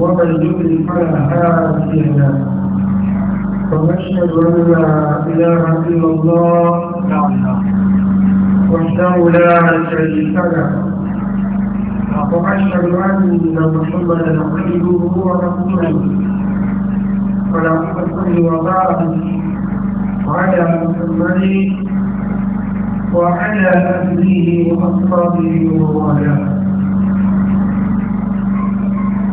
ومن يضلل فلا هادي له ونشهد ان لا اله الا الله وحده لا شريك له واشهد ان محمدا عبده ورسوله فلا تصل وبارك على محمد وعلى اهله واصحابه ووالاه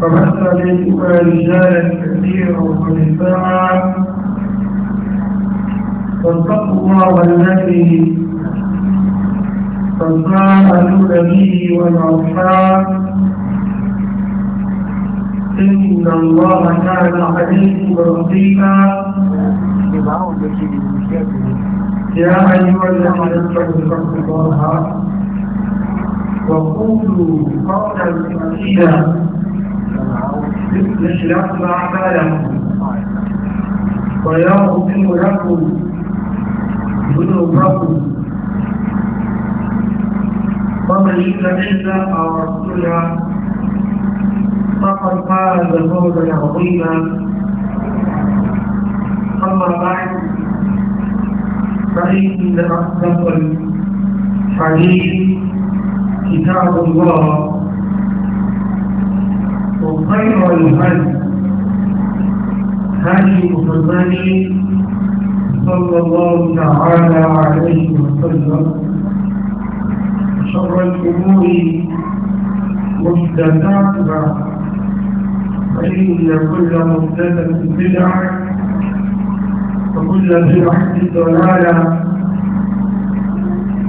فبث منهما رجالا كثيرا ونساء فاتقوا الله الذي تساءلون به والارحام ان الله كان عليكم رقيبا يا ايها الذين اتقوا الله وقولوا قولا سديدا يصلح أعمالكم ويغفر لكم ذنوبكم ومن إلا أو ورسوله فقد فاز فوزا عظيما أما بعد فإن أصدق الحديث كتاب الله وخير الهدي هدي محمد صلى الله تعالى عليه وسلم شر الامور محدثاتها فان كل محدثه بدعه وكل بدعه ضلاله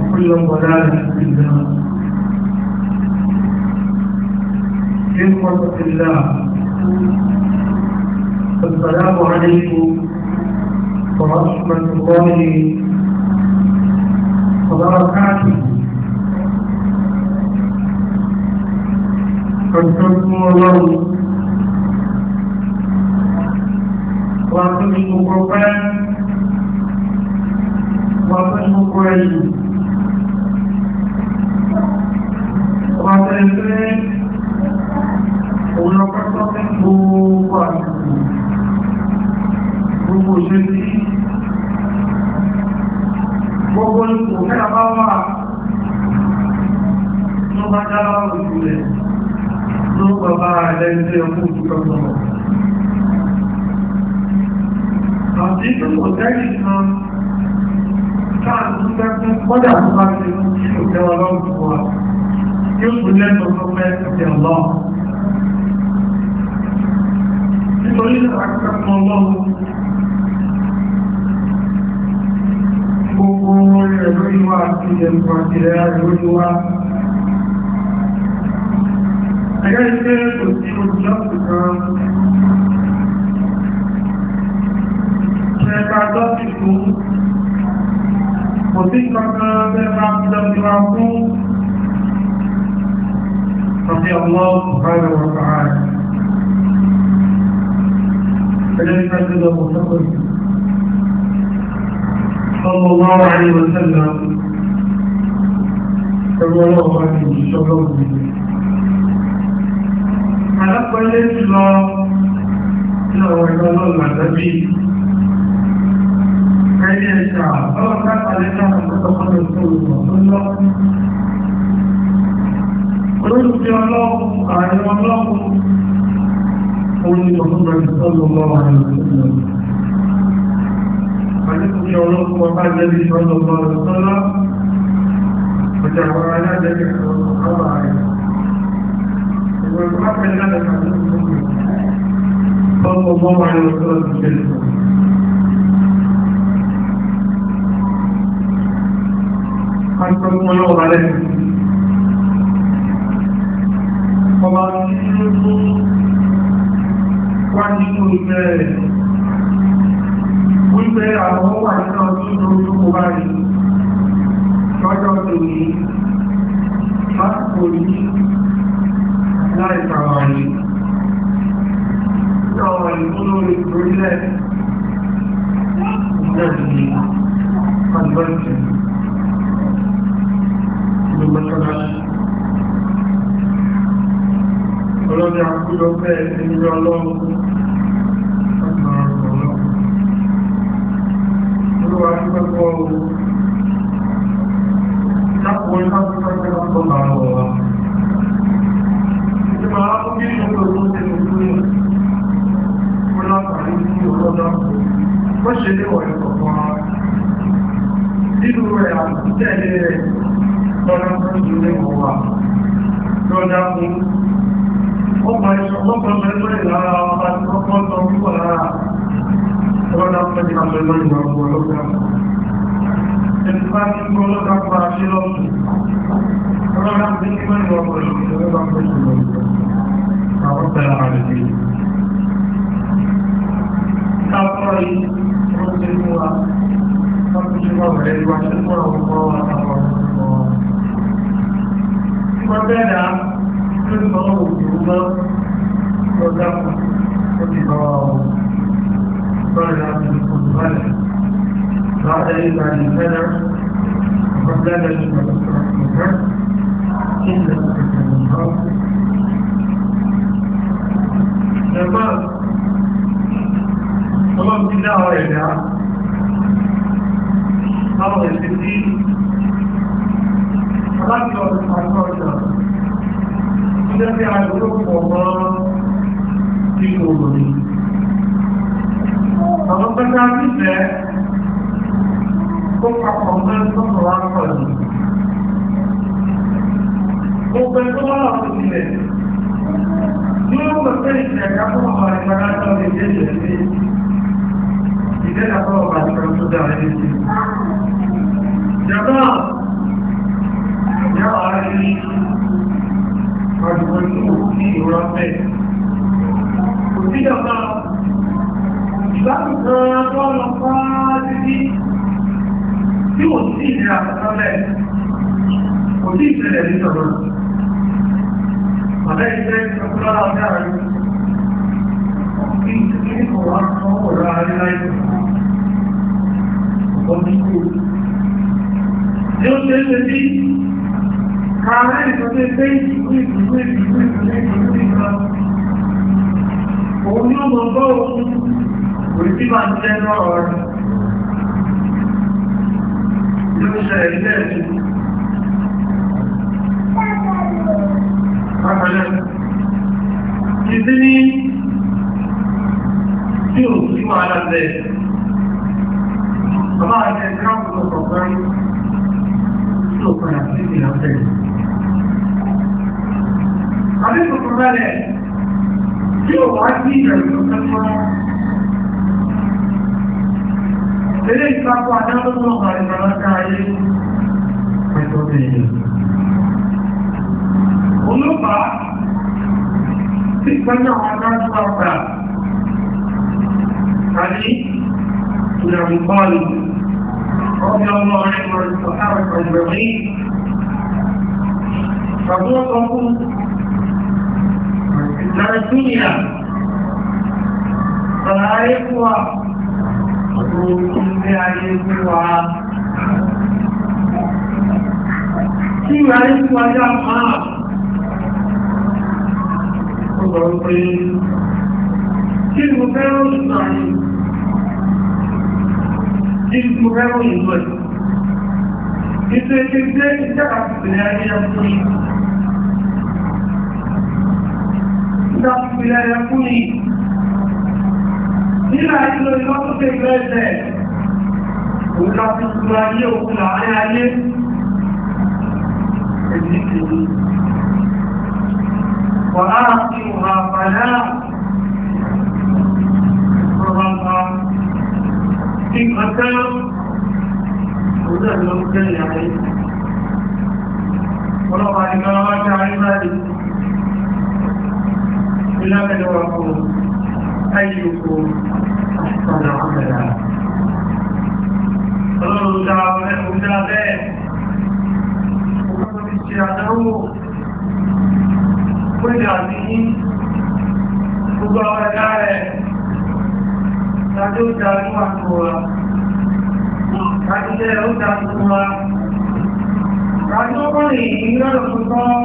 وكل ضلاله في النار إخوة في الله السلام عليكم ورحمة الله وبركاته أشكركم الله وأقول لكم وأقول لكم by the brother of brother in the her, in the house. Namaz, tamam bir daha oraya Ama eski, Allah yolunda arkadaşlar. Bu da bir ayrılık olma. Akọ́kọ́ ọ̀rẹ́ pẹ̀lú àtọ́ lè jẹ́ ìṣẹ̀lẹ̀ sí ìdẹ́gbàtọ́ ọ̀pàá ti pẹ̀lú tó dáa lẹ́yìn. ìwé àti ẹ̀kọ́ ọ̀pọ̀lọpọ̀ kan tí ò padà sí ìlàfẹ́ àbí tuntun rẹ̀ tí ó wá sí ìrẹ̀lẹ̀ tó tẹ́kọ́. Ilé ìtakọ̀ adánlọ́gbọ̀n àìsànláta ayé pẹ̀tọ́ bẹ̀rẹ̀. Olúbàá ti pẹ́jọ́ àwọn adájú àgbà àní ìrẹ̀lẹ̀ bọ́ọ̀lù. رضي الله عنه والصحابة أجمعين فهو na duniya tsarare kuwa a tsohon birane kuwa shi yare kuwa ya ma ọgbọ̀rọ̀ pé kí ìpìlẹ̀ rẹ̀ fún ni nígbà ìlò ìlọ́sókè ìrẹsẹ̀ òun láti gbogbo ayé òun láàrin ayé ẹ̀dí ìpìlẹ̀ wàá àti ìwà àpàdá ìfọ̀rọ̀mọ̀ ìkọ̀tẹ́ òun lọ́wọ́ tẹ́lẹ̀ ayé ọlọ́pàá ìgbàlọ́wọ́ لمن وقول أيكم أحسن عملا Ọlọ́run dá ẹkùn dá bẹ́ẹ̀, ọmọdé ti àdánwò, ó ìdá ní gbogbo àwọn ẹ̀dá rẹ̀, tàbí ó dá ní àkọwà, tàbí ó dá ní àkọwà, tàbí ó kọ́ ní ìrìnlọ́rọ̀ tuntun,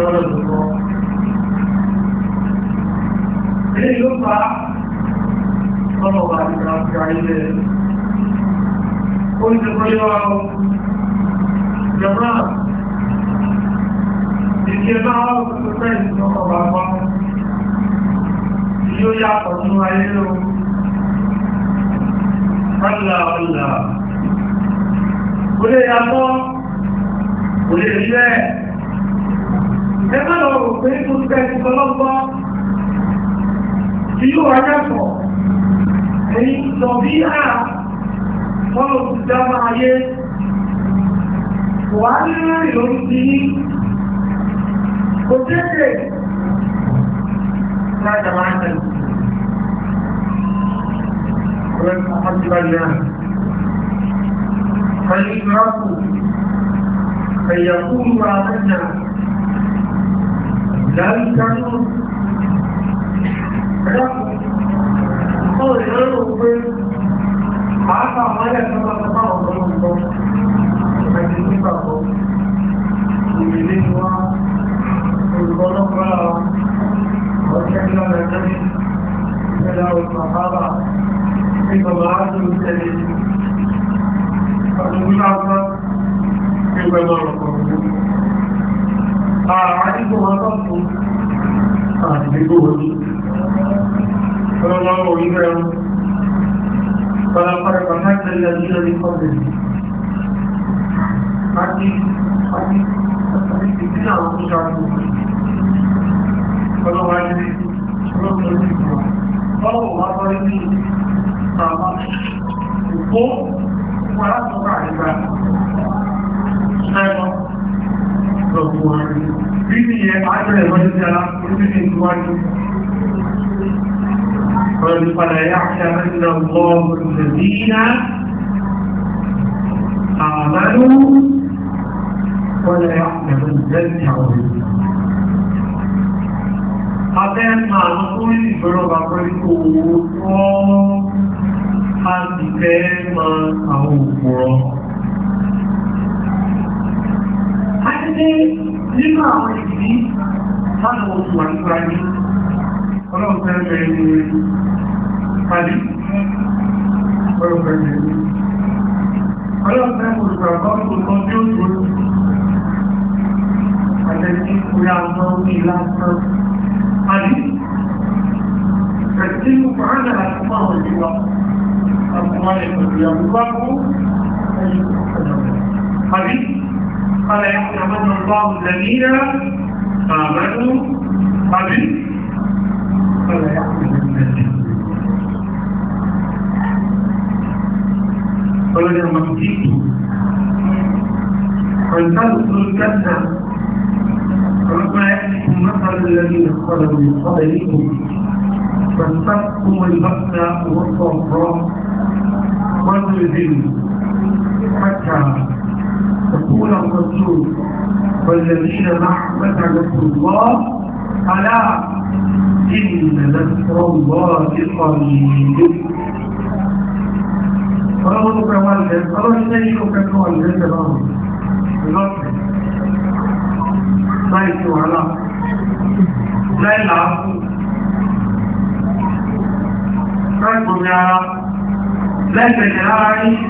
lọ́rọ̀ lọ́wọ́. Ilé yóò fa ọmọ wa ti ra ọjà Ó ń jẹ́ bọ́lé wa Jọba ìṣẹ́ bá wà fún fẹ́ ìṣẹ́ ọmọ wa wá. Yóò yá pọ̀ nínú ayé o. Ọ̀là ọ̀là. Olè yàtọ̀, olè rí ẹ má lọ rò tó ti kẹ́ ìtọ́ lọ́gbọ́ tí yóò wá yàtọ̀ èyí lọ bí à tọ́lọ̀ ti dá máa yé wà á ní rìn lórí ti ní kò tètè láti máa ń tẹ̀lé ọ̀rẹ́ àti báyìí فالإدراك أن ذلك النور قل ربي عفا ولا كما تطاوض الله فإني بقول إليه الظلم وشكل النبي كلا الصحابة في مبعث المسلمين فنقول عفا في مبعث àádìgbò wọn tó fún àdìgbò orí ọlọ́wọ́ orí rẹ̀ ọlọ́pàá pàtàkì lẹ́yìn orí kọ́bẹ̀ àti àti àti ìdí àwọn tó ṣàkóso ọlọ́wọ́ ayé ọlọ́pàá orí rẹ̀ ọlọ́wọ́ wá sọ rẹ̀ lọ́dún dára orílẹ̀-èdè ìwájú ọ̀rọ̀ padà yá àṣà ẹ̀sìnlẹ̀ ọgbọ́n ìrìnà àmàlú wọ́n yá ẹ̀sìnlẹ̀ àwọn abẹ́ máa ń fún ìgbọ́rọ̀bà pẹ̀lú owó wọ́n á ti fẹ́ máa àwọn òpùrọ̀ nínú àwọn májọ̀wọ̀ tí wà nípa ní ọlọ́pẹ̀ẹ́lẹ̀ ní pàdé ọlọ́pẹ̀ẹ́lẹ̀ ní ọlọ́pẹ̀ẹ́lẹ̀ olùgbàgbọ́ tí ó tó àtẹ́sí orí àwọn orí lásán pàdé ẹ̀sí ìpàdé àti máa wọ̀ sí wa àtúnwálẹ̀ pẹ̀lú ìyàwó قال يحسبن الله الذين آمنوا قبل فلا يحكمون الدين ولد المسجد فلتنصر الكسر ربما يأتيكم مثل الذين خلوا من قبلكم فاستقوا البأس والضراء والذل حتى تكون الرسول والذين معه نسعد الله ألا إن نسر الله قريب Falamos do trabalho dele, falamos de aí com o pessoal dele, não. Sai, senhor, lá. Sai lá. Sai, senhor, lá. Sai, senhor, lá.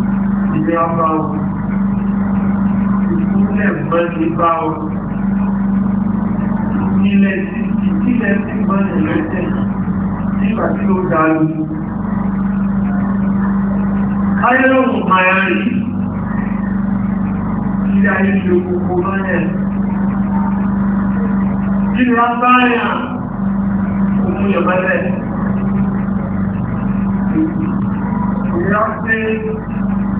ilé ọba o ìkúnlẹ̀ mọ́ni bá o ilẹ̀ ìkílẹ̀ sí mọ́ni lẹ́sẹ̀ nígbà tí ó dá lójú. Ayọ́lọ́wọ̀ máa rí ilé ayé ṣe gbogbo mọ́nà. Ìlà báyà òun yọ̀ mọ́lẹ̀. Ìyá pé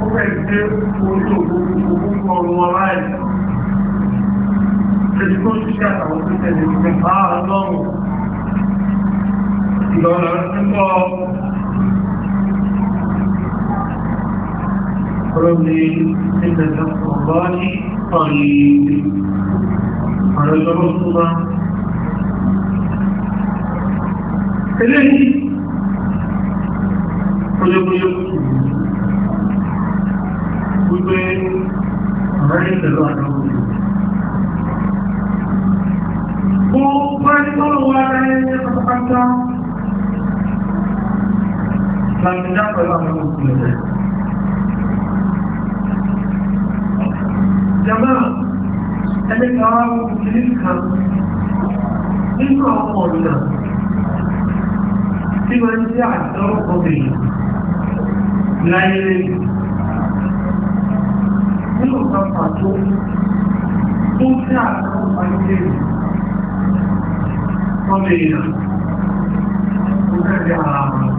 você fẹ́ o orí online òkúrú ọrùn wọn láì ṣètí tó ṣíṣẹ́ àtàwọn tó tẹ̀lé ìpẹ́ bá ọlọ́run ìlọ́rọ̀ ń bọ́ ọlọ́run ní ìgbẹ̀jọ́ ọ̀gbọ́n ní ọ̀rìn ọ̀rọ̀ ìjọba tó máa eléyìí àmọ́lé pẹ̀lú ọ̀nà òkú. Mo bá ní kọ́ lọ́wọ́ ara ẹni ní pátápátá. Bàmídá pẹ̀lú ọ̀nà òkú rẹ̀. Jàmbá ẹni kan wá wọ́n ti ní kan láyé lẹ́yìn kan pàtó tó tí àwọn ọmọ ilé ọmọ èèyàn tó kẹ́kẹ́ ara wọn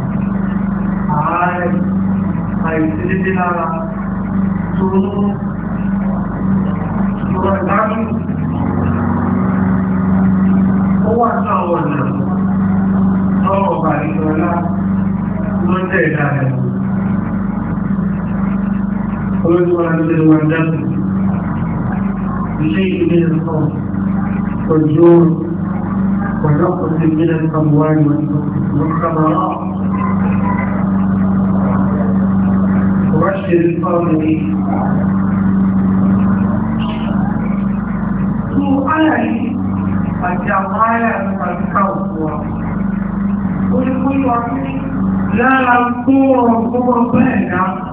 ààrẹ Solo lára tó rọ̀ ìdájú ó wà náà wọ̀nà lọ́rọ̀ bàrí lọ́lá lọ́jẹ́ ìdára Olóòtú wa ń بشيء من الخوف والجوع والرقص من الأموال والخبراء وبشر الصابرين سؤالي الجمال والتقوى ولكل لا نذكر ربنا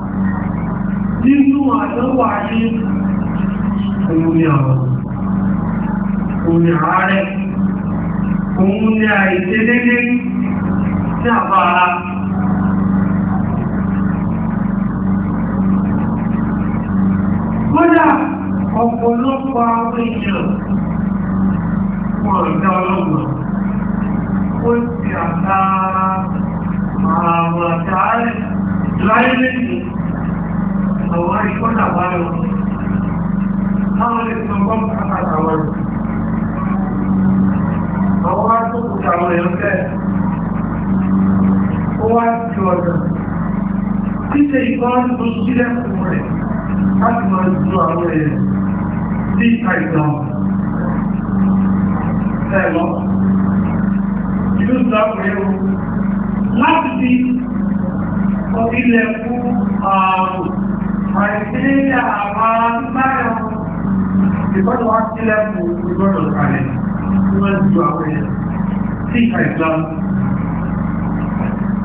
nínú àdánwò ayé òun ni ọ̀rọ̀ òun ni àárẹ̀ òun ni àìṣedédé sí àbá ara kódà ọ̀pọ̀lọpọ̀ àwọn èèyàn wọ́n ìdá ọlọ́gbọ̀n ó ti àtà àwọn àtàárẹ̀ láyé lẹ́yìn àwọn àríkọ́dà bá lọ àwọn ẹ̀sùn kan kàkà àwọn ẹ̀sùn. Àwọn wá tó kù àwọn èèyàn bẹ́ẹ̀. Ó wá ju ọ̀dọ̀. Títẹ ìkan tó sílẹ̀ fún rẹ̀ láti máa ju àwọn èèyàn fi ilẹ̀ fún ààrùn àìsílẹ̀ àwọn máyọ̀ ìgbọ́dọ̀ wá sílẹ̀ fún ìgbọ́dọ̀ kalẹ̀ tí wọ́n ju àwọn ẹ̀ sí ìka ìgbà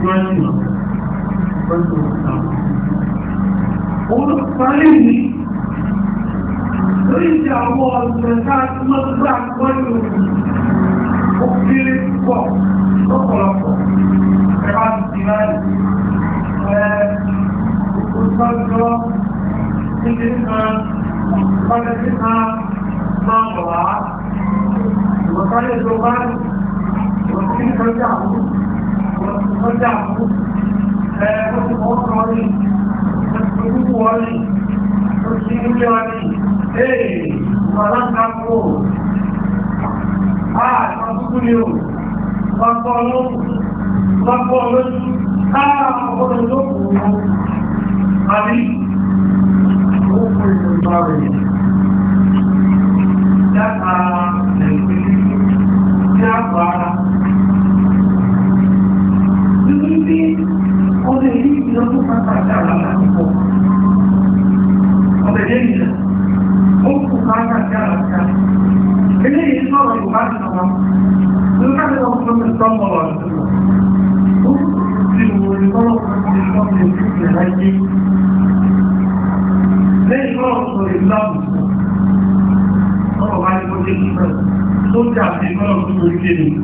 wọ́n ti mọ̀ wọ́n ti mọ̀ náà. Òun ló parí ní lórí ti àwọn ọ̀sẹ̀ tá a ti mọ̀ gbà gbọ́dọ̀ ó kéré pọ̀ lọ́pọ̀lọpọ̀ ẹ bá ti ti láyé. Òṣìṣẹ́ ìjọba ti ti ń kan, ọ̀sẹ̀ ti ń kan máa bọ̀ wá ìwọ̀sáré tó bá ní ìwọ̀sí sọ́jà mú ìwọ̀sí sọ́jà mú ẹ̀ẹ́dọ́ ti mọ́ ìwọ̀sí ilé wa ní ee ìwọ̀lá ń ká ni ó kò ìwọ̀n bá rẹ̀ muslim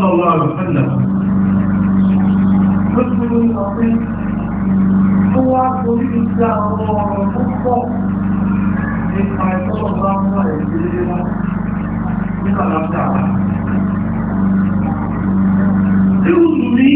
صلى الله عليه وسلم رجل عظيم هو طريق الدعوة والخطة لما صلى الله عليه من الأبداع يوصل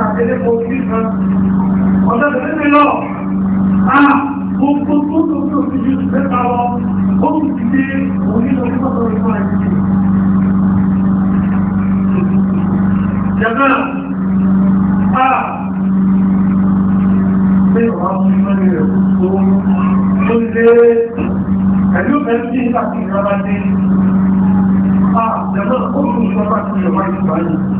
àtẹlẹ́ kò sí kan ọ̀sẹ̀ tó ní lọ àà gbogbo ìgbà yìí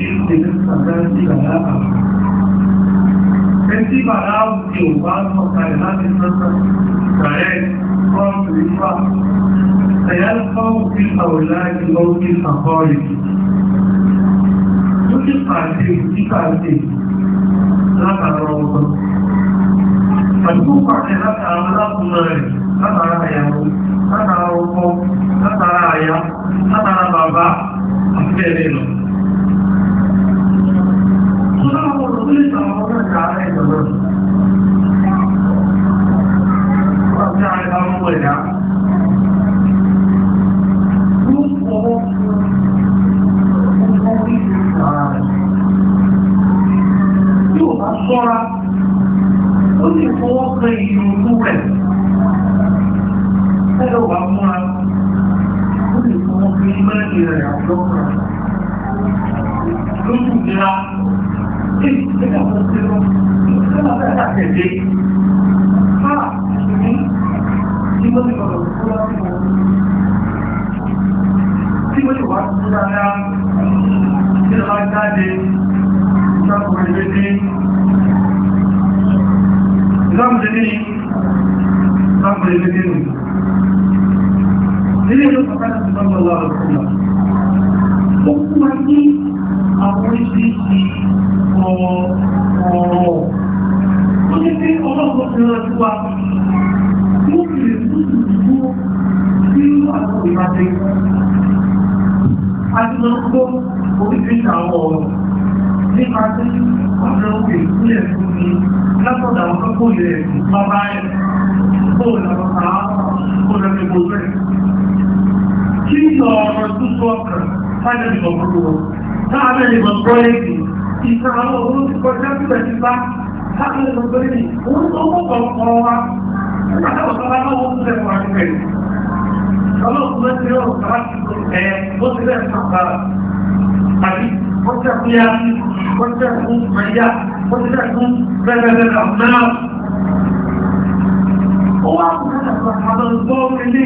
Ẹtí bàbá òkè òbá mọ̀ kàrẹ̀ láti sọ́sọ́, kàrẹ̀ kọ́ọ̀tù ìfà, ẹ̀yà kọ́ọ̀tù ìfà ò láti lọ́wọ́ ìfà kọ́ọ̀lì. Ó ti pàṣẹ ìpàṣẹ látàrọ ọkọ̀. Àdúgbò pàṣẹ látàrà alákùnrin rẹ̀ látàrà àyàwó, látàrà ọkọ̀, látàrà àyà, látàrà bàbá, àti bẹ́ẹ̀ lọ. 道我为什么我在家里就是，我在家里他们不养。tẹ̀síta láti lè lọ́gbẹ́ ní òun tó kọ́kọ́ ọ̀rọ̀ wa látàkọ̀tọ́ wa náà wọ́n tẹ̀ wà níbẹ̀ ọlọ́run ló ti rọ̀ láti ẹ̀ ó ti rẹ̀ sàkàrà tàbí ó tẹ̀ fún yá ó tẹ̀ fún mẹ́yà ó tẹ̀ fún bẹ́ẹ̀bẹ́ẹ̀ náà ó wá fún àwọn ọ̀dọ́ ilé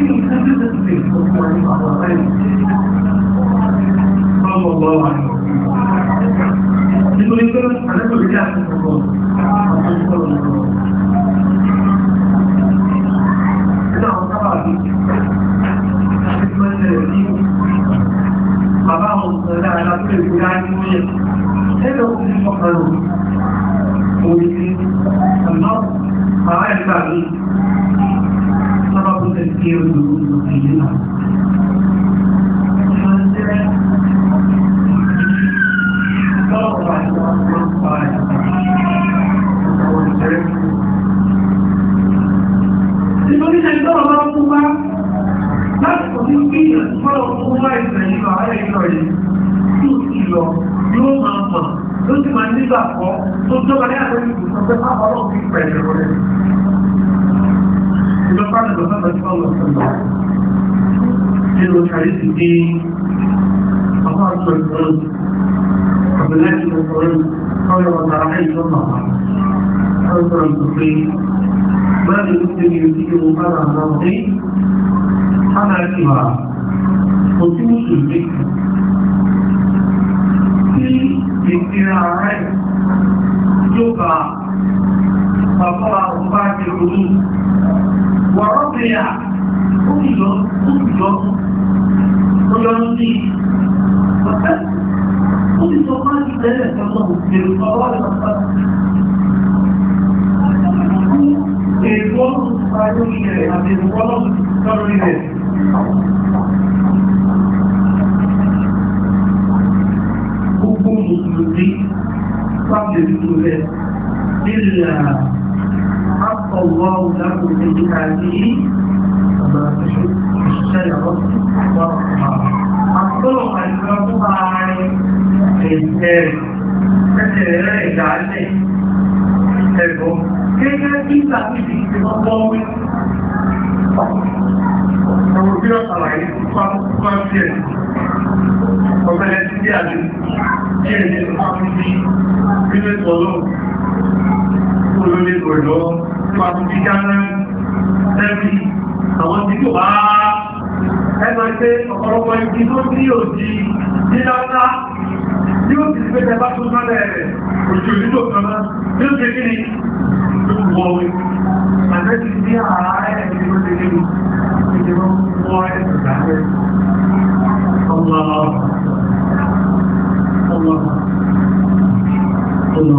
Nítorí pé àlẹ́kọ̀ọ́ lè jẹ́ àkókò kan, àwọn ìṣòro ìṣòro. Ẹgbẹ́ àwọn sábà bí ẹgbẹ́ ìṣẹ̀lẹ̀ sí bàbá àwọn òṣèrè Deus Yóò máa mọ̀ ló sì máa nígbàgbọ́ ní àwọn ìgbìmọ̀ pé máa ọlọ́run pẹ̀lú rẹ̀ ìjọba ìjọba ìjọba ìjọba nínú ṣàrí ti dé ọmọ àtọ̀ ìgbọ́n àbẹ̀lẹ́kì ọkùnrin ọ̀rọ̀ ọ̀tàrà ìjọba ọ̀rọ̀ ìgbọ́n ما يمكن يدير على مرضي على كبار خصوص الذكر في اقتراعات تقع فقرأ أخبار الحدود wọ̀rọ̀ pẹ̀lá ó sì yọ ó sì yọ ó yọ ní sí ọ̀pẹ́ ó sì sọ máa ti tẹ́lẹ̀ tọ́lọ̀ èrò ọwọ́ ìpàpá èrò ọ̀rọ̀ ti pa lórí rẹ̀ àti èrò ọ̀rọ̀ ti pa lórí rẹ̀ gbogbo mùsùlùmí sáfẹ̀ ìlú rẹ̀ nílẹ̀ فأعطى الله له سيئاته فما تشرب ورحمة أطلق الفاتحة عن الإسلام مثل ذلك عليه كيف يمكن في تطور Àwọn òbí ọ̀sàlàyé fún àpẹẹrẹ ọ̀pẹẹrẹ tí bí àjò kí èdè fún àpẹẹrẹ bí lẹ́tọ̀ọ́lọ́ olólégbò ìlọ́wọ́ pàtó jíjá ní ẹbí àwọn tí kò bá ẹgbẹ́ pé ọ̀pọ̀lọpọ̀ ibi tó tí ò di níláńlá tí ó ti pé tẹbá tó sálẹ̀ rẹ̀ òjò nílò kan náà tí ó ti kí ni tó wọ orí àjẹ́ ti ní ààrẹ ẹni tó ti kí ni ìjọba wọ́n ẹ̀sùn dáadẹ́ ọmọ ọmọ ọmọ ọmọ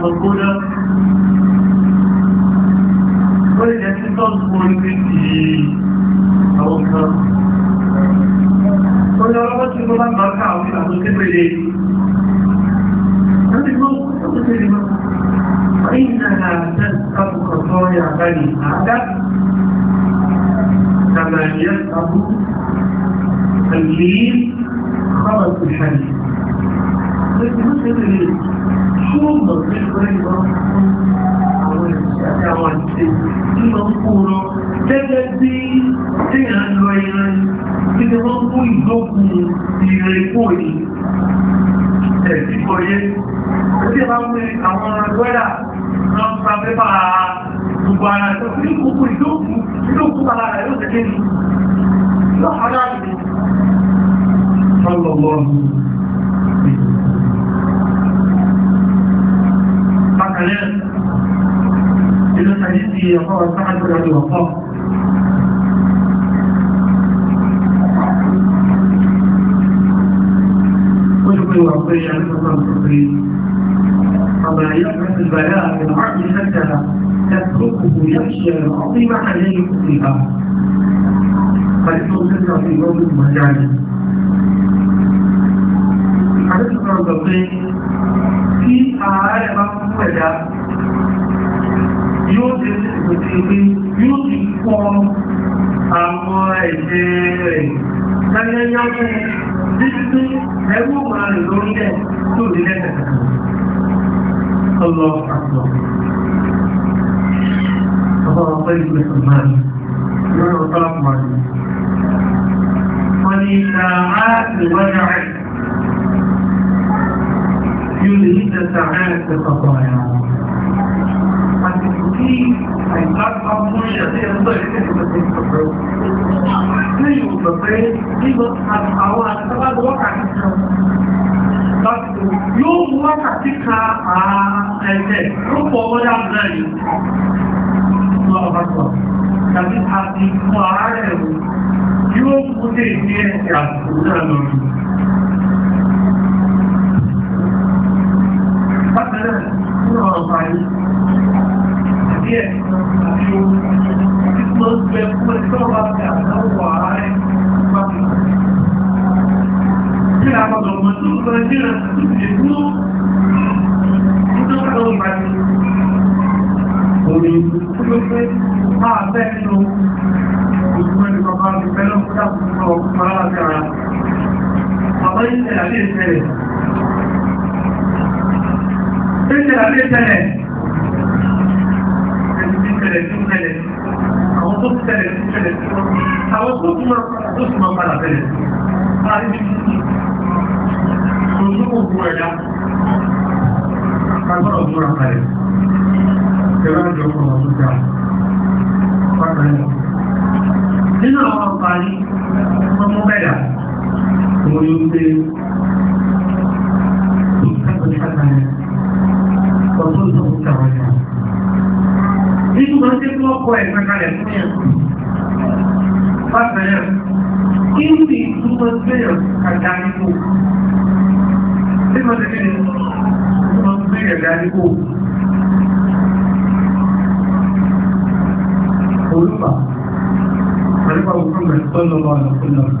for لكن صح النبي صلى الله عليه وسلم حكايات إلى الحديث يقرأ سعد بن أبي وقاص ويقول ربي عليه الصلاة والسلام أما البلاء من عقل حتى تتركه يخشى العظيم عليه فيها fi lọ́dún ìmọ̀já ni àdéṣùnà ọ̀dọ̀ pé kí ààrẹ bá fún My yóò ṣe ṣètò sí pé yóò ti kọ́ àwọn ẹ̀jẹ̀ rẹ̀ lẹ́yẹ́yẹ́ títí ẹgbẹ́ òmìnira rẹ̀ lórí ẹ̀ tó lè lẹ́sẹ̀ الله أكبر الله أكبر الله a الله man. ساعات وجع يلهد ساعات خطايا Yóò mú wákàtí ka ààrẹ̀ rúpọ̀ wọ́n dá náà yìí. Lọ́ọ̀bá sọ, tàbí àti fún ààrẹ̀ rú kú sí ìdí àtúntò náà lọ. Bákan náà, nínú àwọn àǹfààní, díẹ̀ àti ohun tí mo ń gbẹ fún ẹni tó bá fi àtàwọ̀ ààrẹ bá fi hàn. Kí ni àwọn ọ̀gbọ̀n tó ń sọ ẹgbẹ́ rẹ̀ tó ti mú nítorí àwọn ìbàdí? Òní, ó ló fẹ́ máa bẹ́ẹ̀ lọ ìṣẹ̀lẹ̀ àti ìṣẹ̀lẹ̀. Ìṣẹ̀lẹ̀ àti ìṣẹ̀lẹ̀. Ìṣẹ̀lẹ̀ tí ó ṣẹlẹ̀. Àwọn tó ṣẹlẹ̀ tí ó ṣẹlẹ̀ tí ó. Àwọn tó túnmọ̀ padà tó túnmọ̀ padà bẹ̀rẹ̀. Àríbi kọ́ ẹ̀ka kalẹ̀ fún yẹn. Bákan náà, kí ni ìtumọ̀ gbéyàn kàdá nípò? Bí wọ́n ti fi de ìtumọ̀ gbéyàn kàdá nípò? Olúwa, àlùfáà òkú rẹ̀ tọ́lọ́wọ́ àlùfáà náà.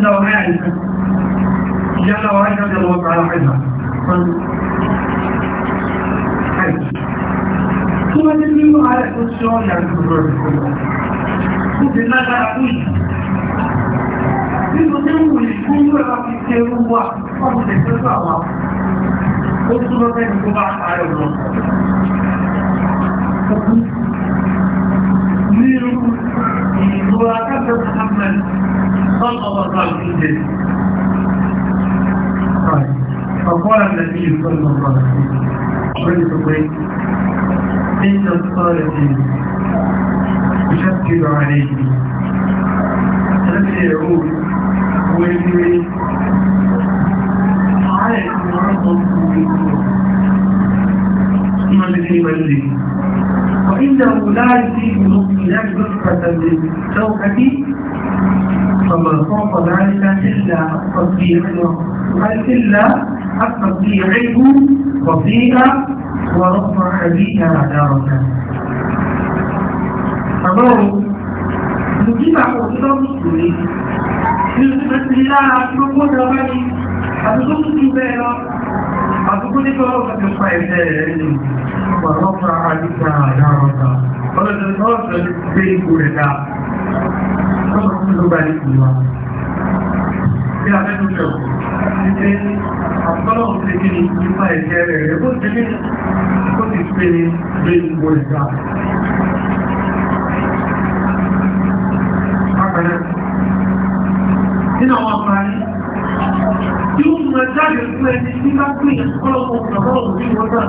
لو عائشة جل وعلا جل وعلا عنها ثم تدلوا على كل شيء يعني كبرت مثل ما تعقيد nínú tí wù ní fún ìwọ̀n àti ṣe ẹrù wà ọmọ ìṣẹ́sà wà ó túnmọ́ tẹ́lú tó bá ààrẹ lọ nínú ìlú akẹ́kọ̀ọ́ one of our practices. Right. فقال النبي صلى الله عليه وسلم principally إن الصالح يشكل عليه الذي يعود ويجري عليه مرض ثم الذي يبلغ وإنه لا يزيد مؤمنات نصفة للشوكة فما فوق ذلك إلا أثبت به علمه قال إلا أثبت به علمه وفيها ورفع حديثها دارك فمر نجيب حوصلة مسلمين nígbàtí lára gbogbo ọ̀dọ̀rọ̀ ni àdúgbò tuntun bẹ́ẹ̀ lọ àdúgbò nípa ọ̀rọ̀ tó fa ẹ̀fẹ́ rẹ̀ ní ọ̀rọ̀ fa àdúgbò àdáwọ̀ta ọ̀rọ̀ tó tọ́ ọ̀sẹ̀ gbé ipò rẹ̀ dáa ọ̀rọ̀ tí ló bá ní kùn wá. Bí abẹ́nu jọ, ṣe àtọ́lọ̀ ṣe kí ni nípa ẹ̀jẹ̀ rẹ̀ ó ti ní ó ti pè ní bí gbogbo ìgbà. Bákanáà, nínú àwọn àǹfààní tí ó mú ẹjáde fún ẹni tí bá pè ní ọlọ́pọ̀ ọ̀pọ̀lọpọ̀ òbí wọn náà,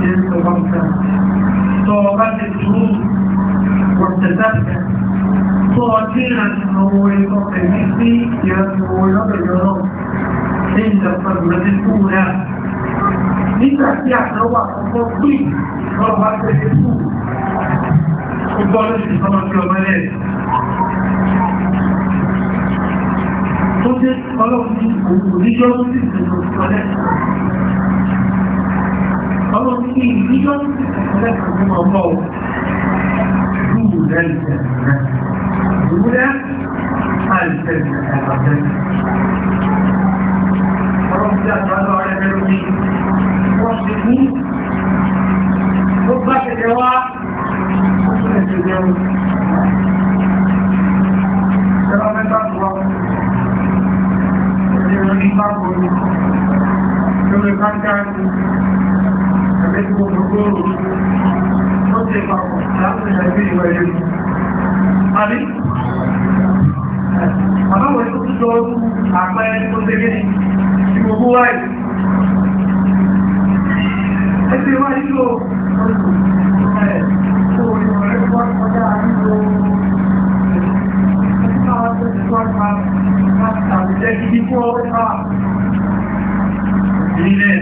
ṣe sọ wọn kan tó o bá ti dùn wọ́n tẹ̀lé àpẹ́ tó o tí que owó ẹ̀kọ́ pẹ̀lú sí ìrìnàjò owó lọ́dọ̀dọ̀ náà ní ìjọba ìrìnàjò fún náà nígbà tí àtẹ́wà àkọ́kọ́ gbì lọ́wọ́ bá tẹ̀lé fún ọgbọ́n ló ti sọmọ sí ọmọ ẹ̀ tó dé ọlọ́run ní òun kò ní yọ́ sí ìṣẹ̀lẹ̀ ọlọ́run ní ìlú lẹ́kọ̀ọ́ fún ọmọ ìlú lẹ́lẹ́sẹ̀ ìwúrẹ́ àìsẹ̀ ìgbàgbẹ́ ọlọ́run tí a bá lọ rẹ̀ mẹ́rin ní wọ́n ti mú ó no منه حضور مطلق الاسلام النبي ويجب àbí àbáwọn tó tó àpẹẹrẹ tó tẹ́gẹ́ sí gbogbo wáyé ẹgbẹ́ wá nílò Ilé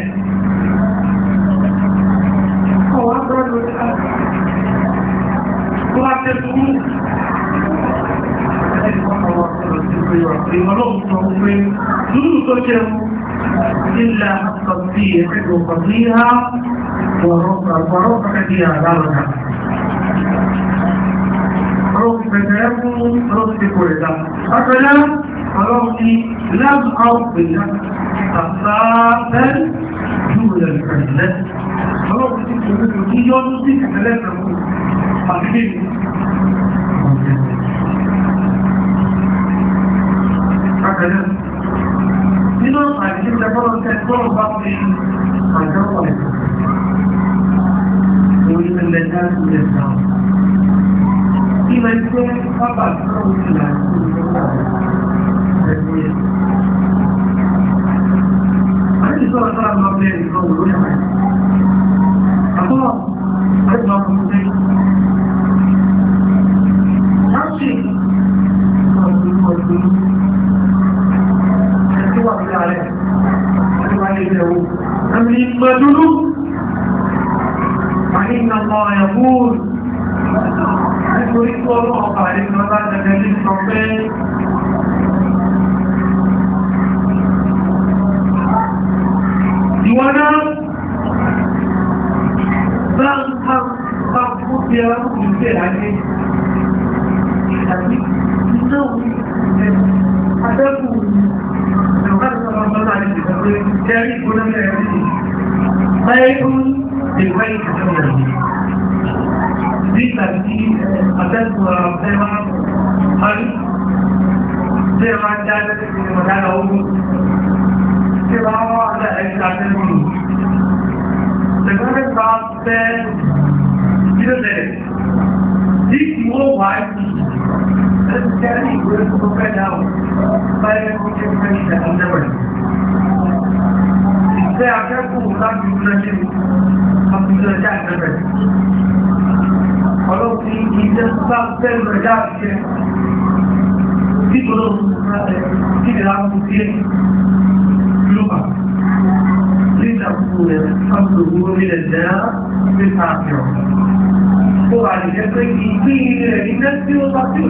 ìwọ̀lọ́pù sọ pé dúdú tó jẹ́ ilẹ̀ àkọsí ẹ̀kẹ́kọ̀ọ́ pàdé ha wọ̀rọ̀ pàkàdé àdáwọ̀dá لم أرضي أصابا دون الحلة خلاص تكتب لك يوم تكتب لك أخير kan náà nínú àti ìjẹ́ fọ́lọ́ tẹ́ tọ́lọ̀ bá fi àjọ pọ̀lẹ̀ lórí ilẹ̀ náà ilẹ̀ náà ilẹ̀ jẹ́ pápá tó ń fi àjọ ìjọba rẹ̀ ẹgbẹ́ yẹn. a ti sọ̀rọ̀ sọ́ra lọ́pẹ́ ìjọba lórí àbí iná atẹ́kù Jẹ́rí ìgbóná mẹ́rin ní ṣẹ́yẹ́kún ìwé ìtàkùn rẹ̀. Bí ìtàkì àtẹ́kù àwọn ọ̀fẹ́ máa ń parí, tí ẹ máa ń já lẹ́sẹ̀ ìrìnàdára ogun, tí ẹ máa wá ọ̀dá ẹ̀ṣẹ́ àtẹ́kù. Ṣẹ̀kọ́ Ní ìwọ̀n wà ní ẹgbẹ̀rẹ̀ ìwé tó fẹ́ dáwọ̀ báyẹ̀ kó jẹ́ fẹ́ ìṣẹ̀lẹ̀ lẹ́wẹ̀ẹ́. Ìfẹ́ akẹ́kọ̀ọ́ láti ìgbẹ́ jẹ́ àbújọ ẹ̀dá ìgbẹ̀rẹ̀. Ọlọ́pìn ìjẹ́ bá bẹ́ẹ̀rẹ̀ ẹ̀dá ìṣẹ́ tí kò lọ́wọ́ لتكون الحمد من الله في الآخرة tó wà ní ẹgbẹ́ ìgbé ilé rẹ̀ ní tí ó bá tí ó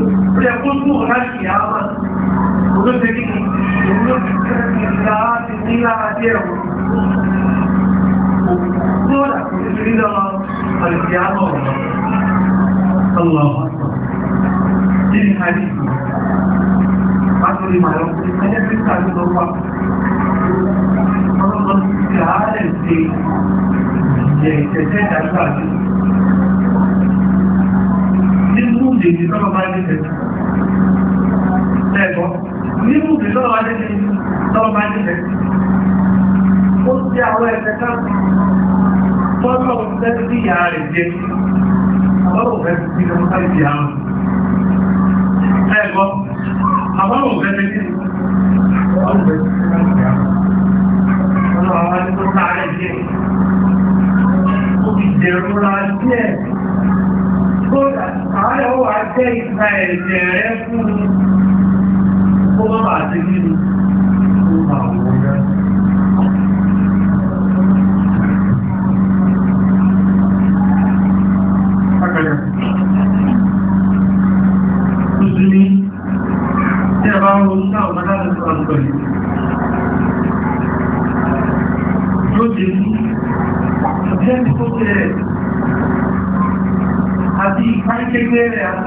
rẹ̀ kó tó wọ́n láti yà á máa olóṣèlú kìí olóṣèlú kìí ìlà àti nílá àti ẹ̀wọ̀n tó rà kò sí nílá àti àmọ́ ọ̀rọ̀ Tí a rí ìgbà? Má tó lè máa lọ sí dèdè tọ́lọ̀ bá dé tẹ̀sí ẹ̀kọ́ nínú dèdè tọ́lọ̀ bá dé tẹ̀sí tọ́lọ̀ bá dé tẹ̀sí ó ti àwọn ẹ̀sẹ̀ kan tọ́lọ̀ òṣìṣẹ́ sí ìyá rẹ̀ jẹ́ àbọ̀wò fẹ́ sí ọmọ sáré ìyá rẹ̀ ẹ̀kọ́ àbọ̀wò fẹ́ sí ọmọ fẹ́ sí ọmọ ìyá rẹ̀ ọlọ́wọ́ àwọn ẹni tó sáré jẹ́ ó fi jẹ̀rọ̀ra díẹ̀ náà wà jẹ́ ìgbà ẹ̀jẹ̀ rẹ fún un kó má bàa ti nínú.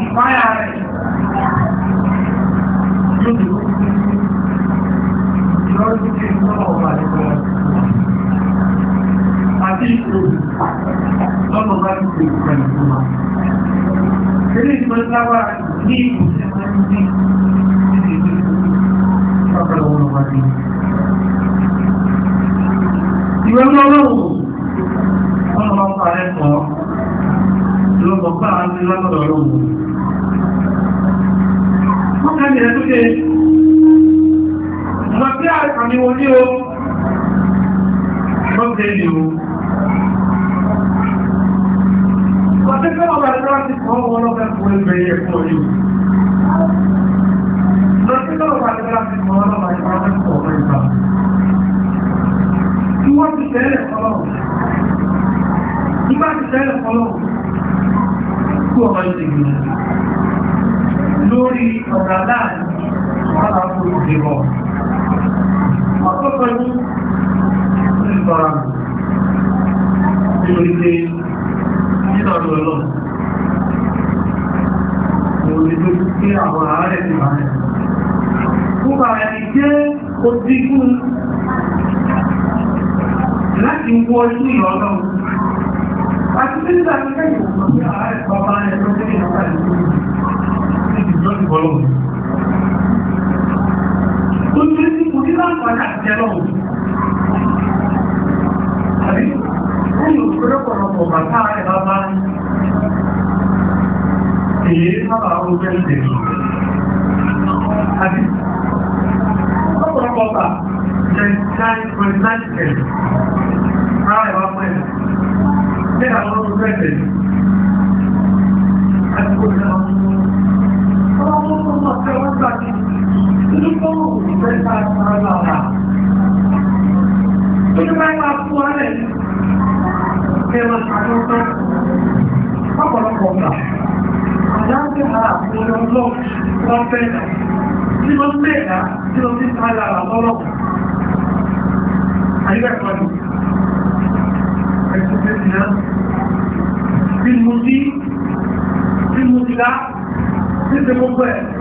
àdìfáyà rẹ̀ Ilé ìgbẹ́ lágbára ní ìgbésẹ̀ máa ń bí ìdílé ìgbésẹ̀ lọ́wọ́ bá ti bọ̀. Ìwé lọ́wọ́ ọlọ́pàá ẹ̀kọ́ ló mọ̀ pé àwọn ti lọ́dọ̀ lọ́wọ́ wọ́n ká nìyẹn tó ṣe mọ̀ sí àmì wọn ní o mọ́ sí ẹni o wọ́n tẹ́ fẹ́ ọ̀rọ̀ ẹ̀rọ ti kọ́ wọn lọ́fẹ́ fún ẹgbẹ̀ yẹ fún ọjọ́ Ìjọba ti kọ́ ọlọ́pàá ìpàdé ọ̀rọ̀ ìgbà. Tí wọ́n ti tẹ́lẹ̀ ọlọ́run. Ìgbà ti tẹ́lẹ̀ ọlọ́run. Kú ọmọ ìdìgbì lórí ọ̀nà láàrin ọ̀nà tó ti bọ̀. Àkọ́kọ́ ní ìgbàra nínú ilé nínú ọdún ọlọ́. Mo lè tó sí àwọn ààrẹ ti máa rẹ̀. Fúnpa ẹni jẹ́ òdíkú láti wọ inú ìrọ̀lọ́. Àti nígbà tí kẹ́kọ̀ọ́ ààrẹ bàbá rẹ̀ tó tẹ́lẹ̀ ìjọ́sìn bọ́lọ́wọ́ tó ní sí kò ní láǹfààní àti ẹlọ́wọ́ àbí ó yóò gbọ́dọ̀ pọ̀lọpọ̀ bàtà rẹ̀ bá bá èyí sábà ó fẹ́ lè àbí ọ̀pọ̀lọpọ̀ bà jẹ́ 9.9 percent rárá ẹ̀wà pẹ̀lú ní àwọn olùgbẹ́sẹ̀ àti kò ní àwọn não eu aqui tudo bom preparado para salvar. Tudo vai para a sua lei. Pela faculta, agora compra. Não terá por um bloco, não pega. Se não pega, se não se espalha lá, não Aí vai para mim. Aí você precisa. Se mudar, se mudar, se devolver.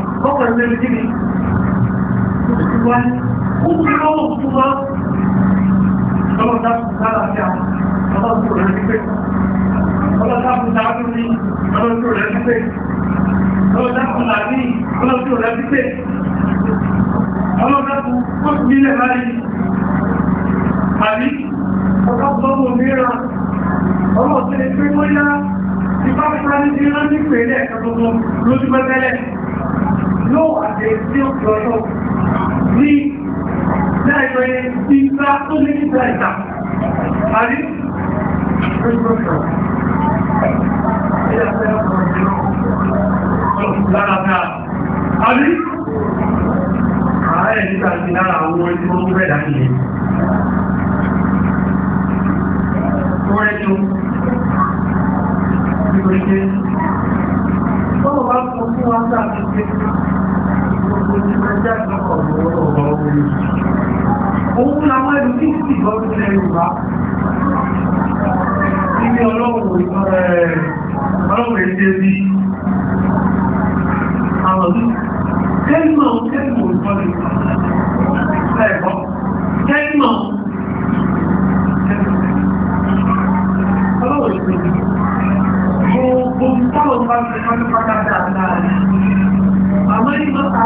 àti ẹni kíni ó fi lọ́wọ́ fún ní pé ní ọlọ́dún rẹ̀ ní pé ọlọ́dá fún yóò wà ní tí ó fi ọjọ́ ní lẹ́ẹ̀mẹ́ tí ká tó ní ìgbà ìta àrí Àbí ààrẹ nígbà sí lára àwọn orí tó ń rẹ̀ dákìlẹ̀. Wọ́n rẹ̀ tó nítorí pé, tọ́wọ́ bá fún fún wá sáà tó pé Òun làwọn ẹni tí sì lọ sí Yorùbá. Ilé ọlọ́run èdè bí àwọn ọdún. Kẹ́lìmọ̀ kẹ́lìmọ̀ ìfọ́lẹ̀ ẹ̀kọ́. Kẹ́lìmọ̀ ọlọ́run èdè bí. Mo gbogbo táwọn bá ti pátá dáadáa.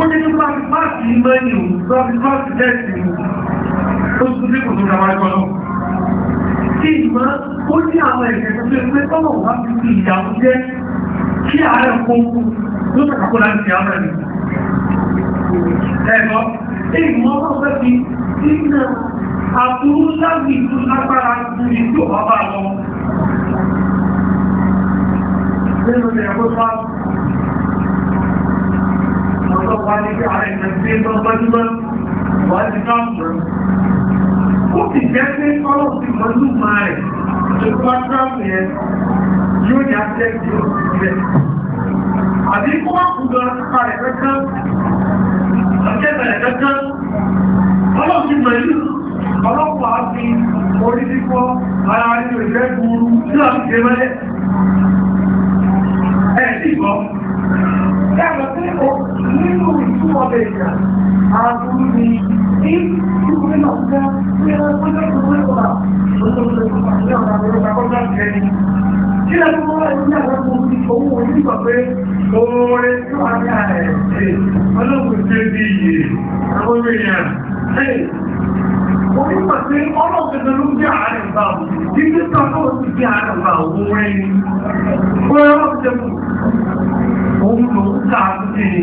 ó ní nípa máàkì mẹ́ni lọ́pí lọ́pí tẹ́sì ó tún sí kùtù ìjọba ẹ̀kọ́ náà kí ìmọ̀ ó ní àwọn ẹ̀ṣẹ̀ tó fi pé tọ́lọ̀ wá fi fi ìyàwó jẹ́ kí ààrẹ kó ló tàkàkó láti fi aqui ẹ̀mí ẹ̀kọ́ ìmọ̀ ọmọ fẹ́ fi nínú àbúrú láti ìlú lágbára ju ìlú ọba lọ. Nínú ìyàwó ọ̀pọ̀lọpọ̀ alẹ́gbẹ́ ara ìgbẹ̀gbẹ́ lọ gbọ́dúmọ́ wọ́n ti ká mọ́. ó sì jẹ́ pé ọlọ́ ti mọ́jú máa rẹ̀ tó wá tíráàmù yẹn yóò ní àṣẹ tí ó ti rẹ̀. àbí kó wá kú lọ sípa rẹ̀ kankan ọjọ́ ìbẹ̀rẹ̀ kankan ọlọ́ ti orí fífọ́ ara rí ìrẹ́ gbúrú tí wọ́n ti dé mọ́lẹ̀. modesta. Alcuni sì, alcuni no, però quello che vuole va. Sono le compassioni, la cosa che ci la nuova è una cosa molto comune, di papè, come guardare. Allora queste digli, la convenienza. Ehi, Orí pàṣẹ ọlọ́pẹ̀ẹ́ ló jẹ́ àárín bá wù, títí pàṣẹ òsì jẹ́ àárín bá wù wẹ́n. Wọ́n ọlọ́pẹ̀ẹ́ mú, òun ló ń sáà tó ṣe ni.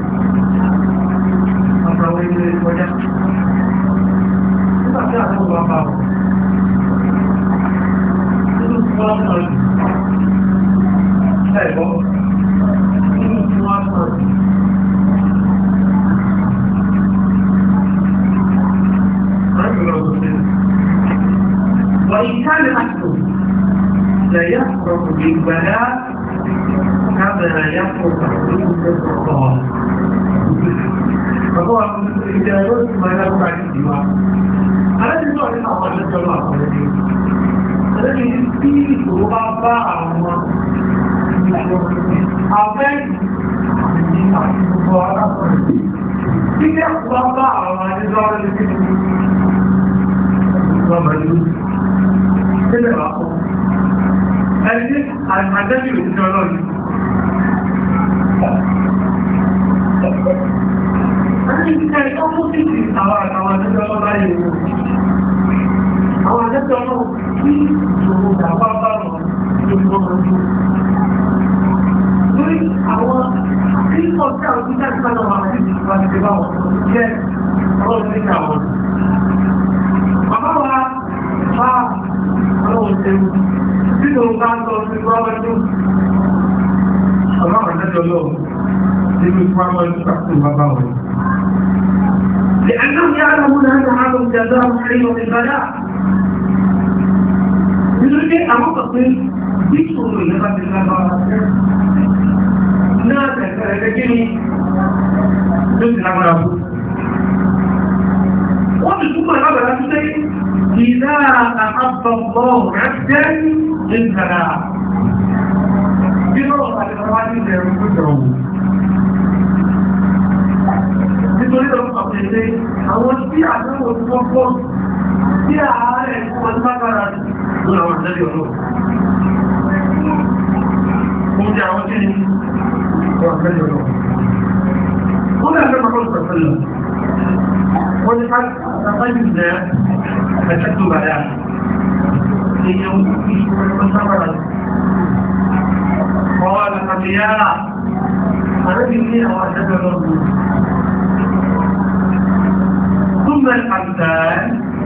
ìgbà náà. الخير والبلاء nítorí pé àwọn kan pé bíṣòro ìjọba ti lágbára náà tẹ̀sẹ̀ rẹ̀ kí ni ló ti lágbára fún wọ́n ti túnmọ̀ lábàrá tó tẹ́ ìdá àpapọ̀ rẹ̀ ìgbàrá bí lọ́wọ́ àti ọ̀rọ̀ ní ìbẹ̀rù tó jọrọ̀ nítorí lọ́pàá pẹ̀lẹ́ àwọn tí àdánwò tó pọ̀ sí tí ààrẹ ìfún agbára lọ́wọ́ lẹ́bí ọlọ́run. Oúnjẹ àwọn tí ní ọ̀rọ̀ lẹ́bí ọlọ́run. Wọ́n lẹ́bí ọlọ́run pẹ̀lú lọ. Wọ́n ní káàkiri ìjẹ́ ẹ̀kẹ́ tó bàyà. Èèyàn ń fi ọjọ́ sábàrà. Wọ́n lẹ́bí yára. Àrẹ́bí ní àwọn àjẹ́bẹ̀ ọlọ́run. Túnbẹ̀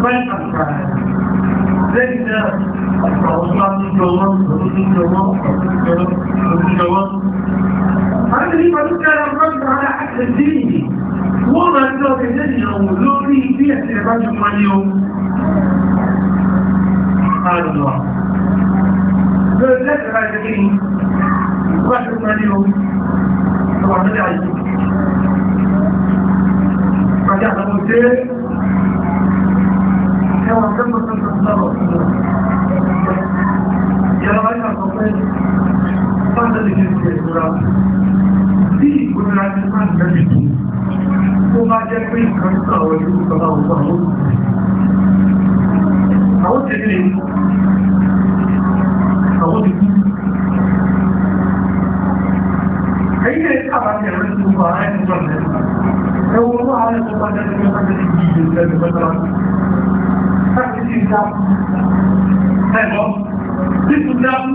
والأفراد ذلك التوصيات الجوان حدود الجوان حدود الجوان هذا لما ذكر الرد على حق الدين وما ذلك الذي أولوني في اعتبار من يوم هذا الله فذلك هذا الدين واحد من يوم طبعا هذا عزيز فجعل المسير ìyá wáyà kọ̀ọ̀kẹ́ fáńdà lè ṣe ṣe ìrora tí ìgbóná ti máa ń bẹ̀rẹ̀ tó tó bá jẹ́ pé nǹkan tó àwọn ìlú bàbá òun bá wọn. àwọn tẹ̀lé àwọn ti kú. èyí lè sábà ní ẹ̀rọ ìṣòwò ààrẹ tó bá jẹ́ ẹ̀wọ̀n dákú. Ẹ̀gbọ́n, títún dákú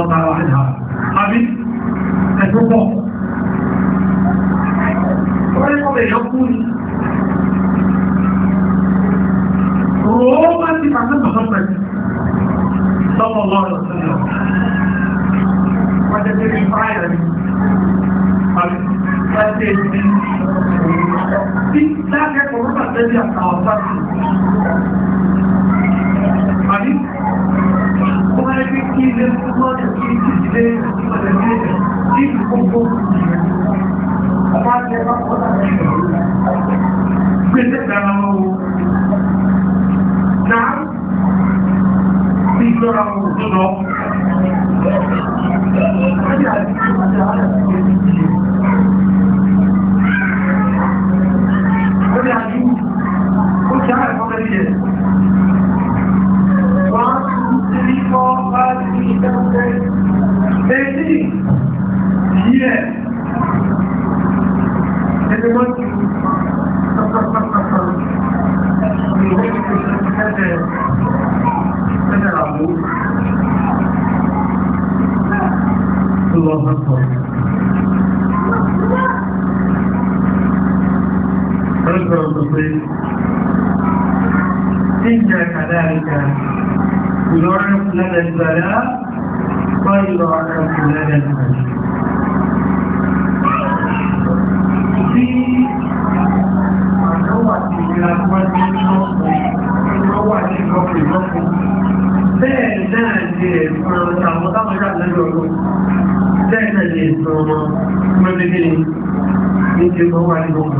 الله تعالى عنها àbí ẹ̀tọ́ pọ̀ wọ́n ní ọmọ èèyàn kú ni rọ́ọ̀mà ti pàṣẹ pàṣẹ sọ́mọ̀ lọ́rọ̀ sílẹ̀ wọ́n jẹ́ pé ní fáyà ni àbí láti ẹ̀sìn tí láti ẹ̀kọ́ rọ́pàá no, no.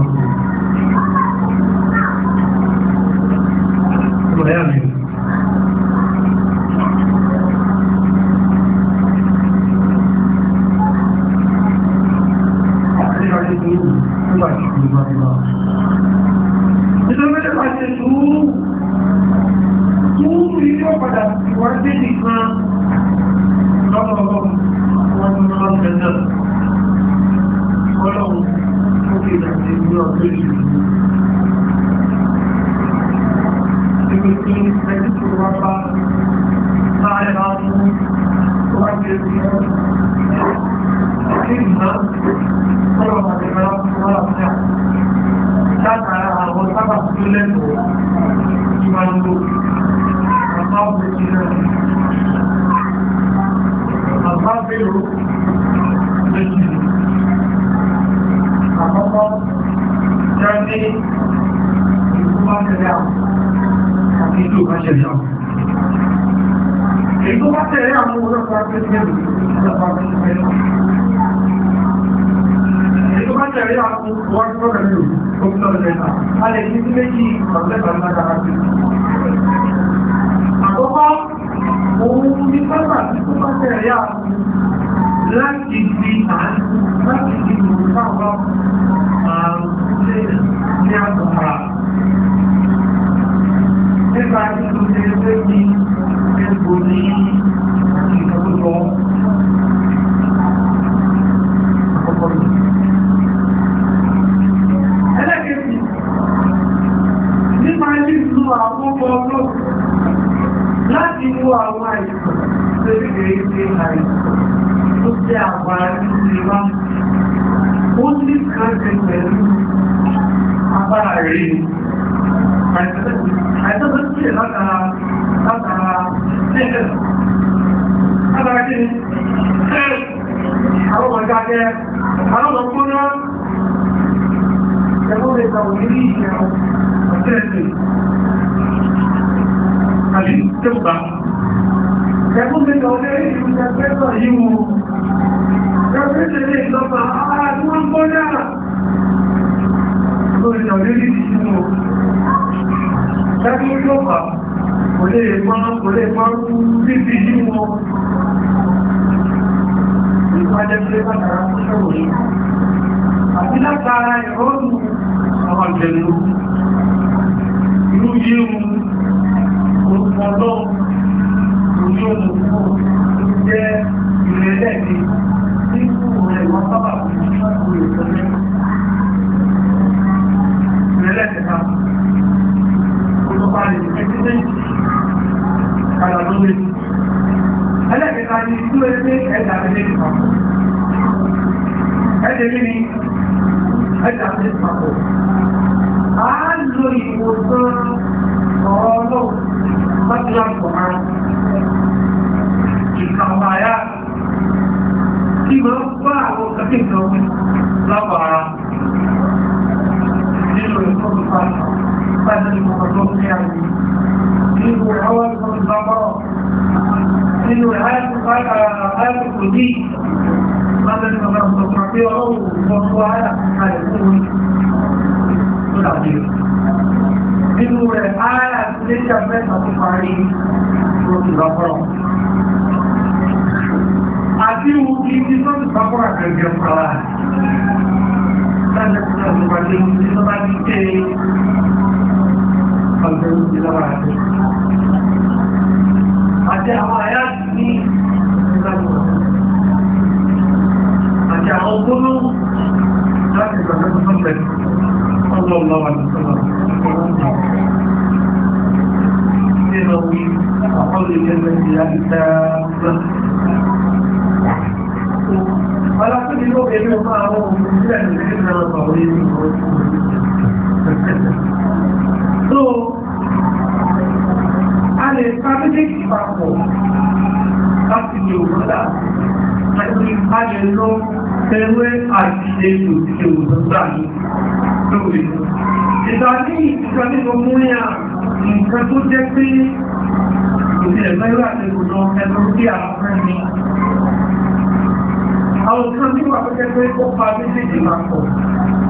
Amen. الحافظ méjì àkọ́kọ́ jẹ́ ní ìlú bá tẹ̀lé àwọn àti ìlú bá tẹ̀lé àwọn ìlú bá tẹ̀lé àwọn ọlọ́pàá tó tẹ̀lé ọlọ́pàá tó tẹ̀lé ìlú bá tẹ̀lé àwọn wọ́n tó tẹ̀lé ọlọ́pàá tó tẹ̀lé ṣẹ̀ríà you dúró pé ẹ̀dà mi lè kàn. Ẹ̀dẹ̀ mi ni ẹ̀dà mi lè kàn. À á lo ìwòsàn ọ̀rọ̀ láti yàtọ̀ máa ìkàwà yá tí mo ń bá àwọn kẹ́kẹ́kẹ́ omi lábàára nínú ìfọ́nù pàtàkì láti ìfọ́nù tó ń fi àyè nínú àwọn ìfọ́nù lábàára nínú àyàtò kò ní lábẹ́ni bàbá ọ̀sọ̀kan pé ọlọ́run ọ̀sọ̀ àyà kalẹ̀ fún orí tó dàbí nínú rẹ̀ àyà tí lè mẹ́ta tó parí tó ti bá fọ́rọ̀ àti ìwò kí ti tó ti bá fọ́rọ̀ gẹ̀gẹ̀ fọ́ra láti ẹ̀kọ́ tó bá dé ní tó bá ní pé ọ̀gbẹ̀rún ti lọ́wọ́ àti àwọn àyà àwọn gbóná láti ìgbàgbọ́ tó tó tẹ̀lé ọlọ́ọ̀lọ́wà ní sọ́lọ́ وقول الجنة لا كتاب ولا كل يوم يبيع معه من الجنة والطويل So, and a strategic example, that's the new product, and we had a long àtẹwé àti ètò ìṣe òṣèlúgbà ní lórí. ìtàkì ìṣẹ́ tí mo mú ní à nǹkan tó jẹ́ pé òṣèlú mẹ́rọ àti òṣèlú ẹnu sí àwọn ẹni. àwọn òṣèlú tí wà tó jẹ́ pé ó pa méjèèjì máa pọ̀.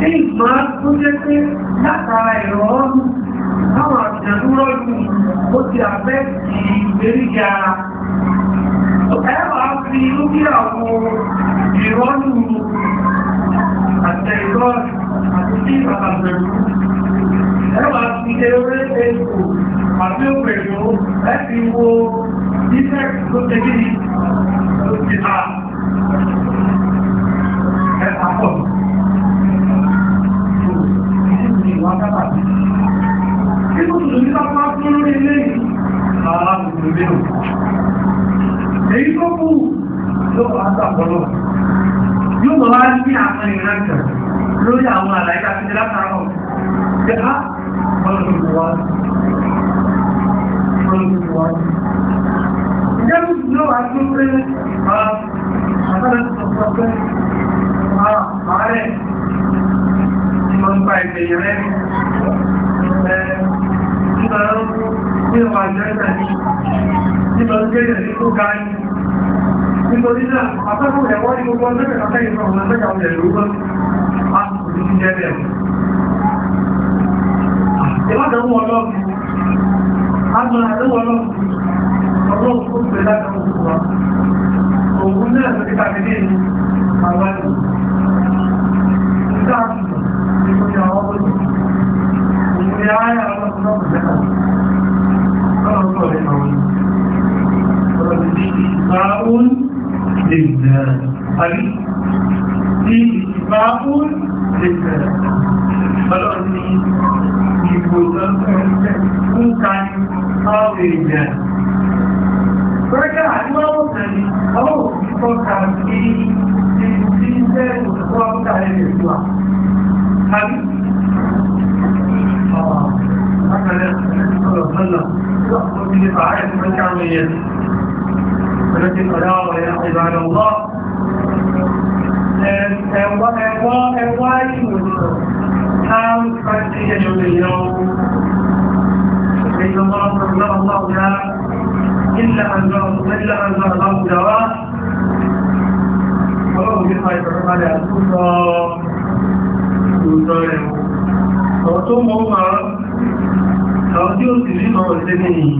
ní ìgbà tó jẹ́ pé látara ẹ̀rọ ọ̀rùn táwọn àjẹ̀dúrọ̀ ó ti àfẹ́ ìgbèríga ẹ̀rọ fi lókè àwọn ìrọ́lù àtẹ̀gọ́ àti sí àtàbẹ̀rù ẹwà ti eré ètò àti òpèrò ẹ̀fì wo ìfẹ́ tó tẹ́kì tó ti à ẹ̀fà pọ̀ Kí ló tùtù nípa pàápàá lórí ilé yìí? Ààrùn ìgbèrè. Èyí tó kú yóò wá sàbọ̀lọ̀ yóò mọ̀ wá sí àwọn ìran kan lórí àwọn àlàyé àti látàrọ̀ ṣe á ọlọ́dúnwá ọlọ́dúnwá ìjẹ́ mùsùlùmí ló wà tó pé àtàlẹ́ sọ̀tọ̀ pé ààrẹ ìmọ̀ nípa ìgbẹ̀yẹ̀ rẹ̀ nígbà lọ́wọ́ ní ìwà ìjẹ́ ìjẹ́ ní ìlọ́gẹ́gẹ́ ní kó nítorí náà àtọ́kùn ẹ̀wọ́ ní gbogbo ọdún mẹ́ta tẹ́yìn fún ọmọ mẹ́ta ọmọ ẹ̀rọ ọgbọ́n a kò ní ti jẹ́ bẹ́ẹ̀. ìwádàmú ọlọ́ọ̀kú agbọn àdéhùn ọlọ́ọ̀kú ọlọ́ọ̀kú ó ti pè láti ọmọ òkú wa òun náà ló ti kàkiri للناس أي فيه إجماع للناس فالأرضي يقولون كان حاضر الناس فرجع ما وصل أو يتوقع في سبحان الله لك أنا ẹ̀wọ́ ẹ̀wọ́ ẹ̀wọ́ ìwòsàn táwọn pàtí أنا ìyọ́ إلا الله أنزل الله داء إلا أنا إلا أنزل الله دواء ولو لك خير على سوسة سوسة ọ̀tọ́ mọ́ máa لك tí ó sì rí ọ̀rọ̀ ìdẹ́gbẹ̀yìn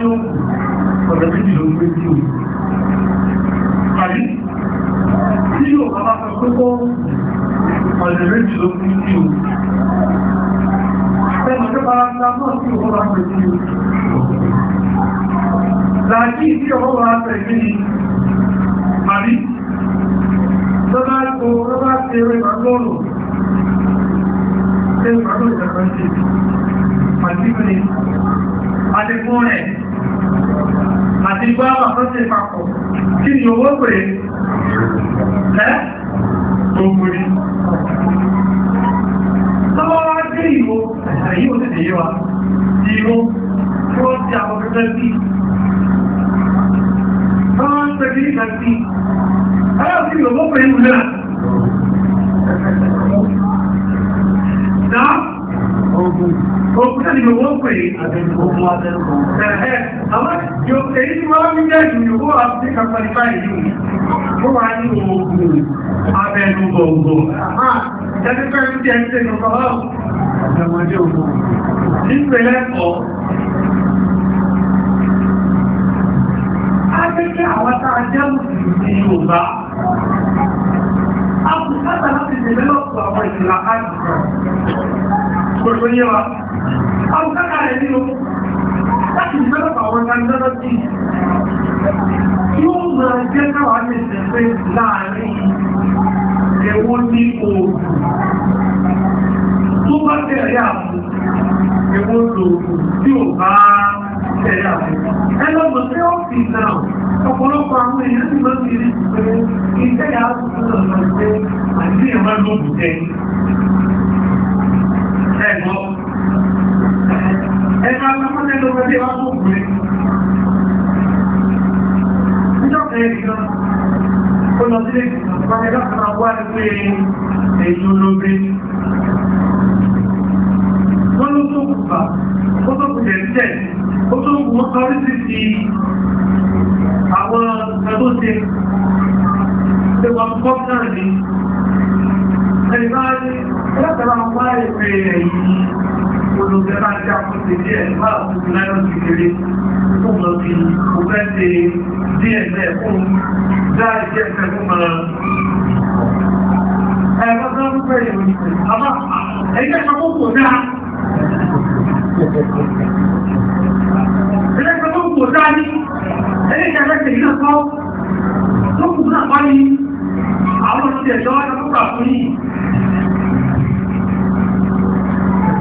ní ọ̀rẹ́ méjì ló gbé sí òun àbí tí yóò bàbá sọ pé kó ọ̀rẹ́ méjì ló gbé sí òun ẹnu tó bá ń lámọ́ sí òun bá láti tí ọwọ́ tó ṣe papọ̀ kí ni owó pè ẹ́ gbogbo ni lọ́wọ́ wá ìwò èyí ò tètè yé ìwò tí ó ti àwọn pẹ́pẹ́ sí lọ́wọ́ ń pẹ̀lú ìgbà sí aláwọ̀ sí ìwò pẹ̀lú ìwò náà Dáa, ògùn, tẹ́lẹ̀ ìwò pẹ̀lú àtẹ̀lẹ̀ ògùn àtẹ̀lẹ̀ ògùn. Ẹ̀ẹ́, àwọn yóò méjèèjì yóò wà sí kàpàlì báyìí yìí ó wà ní oògùn abẹnu gbọ̀ngbọ̀ ẹni pẹ́ ń tẹ́ ń tẹ́ nǹkan ọ̀hún ẹ̀mọ̀dé òkú nípínlẹ̀ ọ̀ Akẹ́kẹ́ àwọn tá a jẹ́ òsì Yorùbá. A kò sábà láti tẹ̀lé lọ́pọ̀ àwọn ìlà àìsàn. Gbogbo yé wa. A kò sábà rẹ̀ nínú láti tẹ̀lé lọ́pọ̀ àwọn ìlànà lọ́sí yóò máa jẹ́ káwà lè tẹ̀lé láàrin ẹ̀wọ́ ní oòrùn tó bá tẹ̀lé àpò ẹ̀wọ́ lòòrùn tí ò bá tẹ̀lé àpò ẹlọ́gbọ̀n tí ó fi náà ọ̀pọ̀lọpọ̀ àwọn èèyàn ti máa ti rí pé iṣẹ́ yà á tún lọ sọ pé àti ìrìnà lóòrùn jẹ ẹ̀gbọ́n ẹ̀ka lọ́pọ̀ tẹ́lẹ̀ lọ́pọ̀ tẹ́lẹ̀ wá tó kùnrin sílé ìgbìmọ̀ ó lọ sílé ìgbìmọ̀ wọ́n ẹ̀dá kan máa wá ní pé èyí olóbe wọ́n ló tó kù bà ó tó kù jẹ̀ǹtẹ̀ ó tó kù wọ́n kọ́ sí ti àwọn ẹgbẹ́ ṣe ṣe wọ́n kọ́ náà ní ìgbòrò tẹ́ bá jẹ́ àkóso díẹ̀ máa fún náírà sí kéré fún lọ sí ọgbẹ́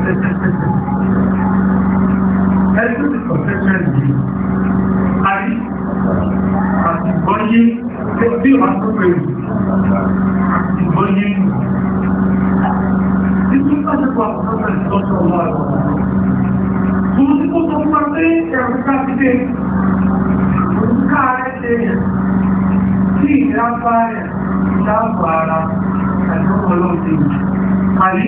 ẹni tó ti sọ̀tẹ́ mẹ́rin yìí a rí àti ìgbọ́yé bí wà tó pè àti ìgbọ́yé nínú ìpínlẹ̀ àkọ́kọ́ ìtọ́jú ọlọ́ àgbà tó ti kó tó fún wa pé ẹ̀rù ká ti dé òǹkà ẹ̀ṣẹ̀ tí ìdábà ẹ̀ dábà ara ẹ̀dọ́ ọlọ́ọ̀dẹ̀ àrí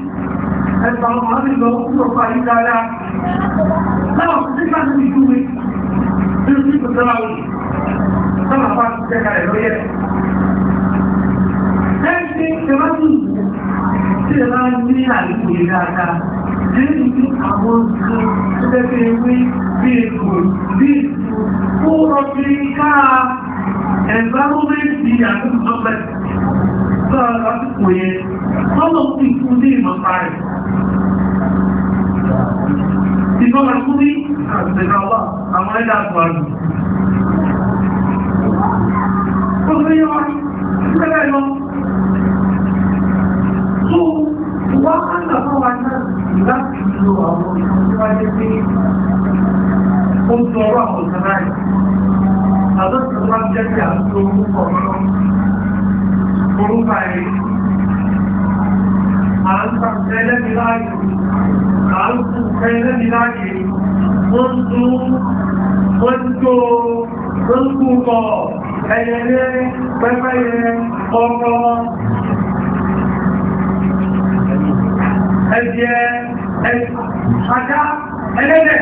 ẹgbà ọmọ nílò púpọ̀ parí dáadáa náà sí máa ti ju mi tí ó sì kò tọ́lá òní tọ́lá bá ti jẹ́ kalẹ̀ lórí ẹ̀ lẹ́yìn tí ẹ bá tún tí ẹ bá ní àlejò yìí dáadáa lẹ́yìn tí àwọn oṣù tó lẹ́gbẹ̀ẹ́ ewé bí èkó bí èkó kó rọ bí ká ẹ̀gbá mọ́mẹ́ntì àti ìjọba agbára lásìkò yẹn tọ́lọ̀ sí fún ní ìmọ̀ta rẹ̀ ìtọ́lọ̀ fún ní àgbẹ̀kọ̀wà àwọn ẹ̀dà àgbàrù tó fẹ́ yọ ìpẹ́lẹ̀ lọ tó wá kánà fọ́wà náà láti lo àwọn ìwájẹ́ pé ó sọ ọ̀rọ̀ àwọn ìsànáyì àdọ́sọ̀rọ̀ jẹ́ kí àti ohun kọ̀ọ̀kan orúkà ẹ̀ à ń sàkùnfẹ́ lẹ́bi láàyè à ń sùnfẹ́ lẹ́bi láàyè wọ́n ń tún wọ́n ń tó wọ́n ń kú kọ ẹyẹlé pẹ́pẹ́yẹ ọkọ ẹ̀jẹ̀ ẹ̀ṣàká ẹlẹ́dẹ̀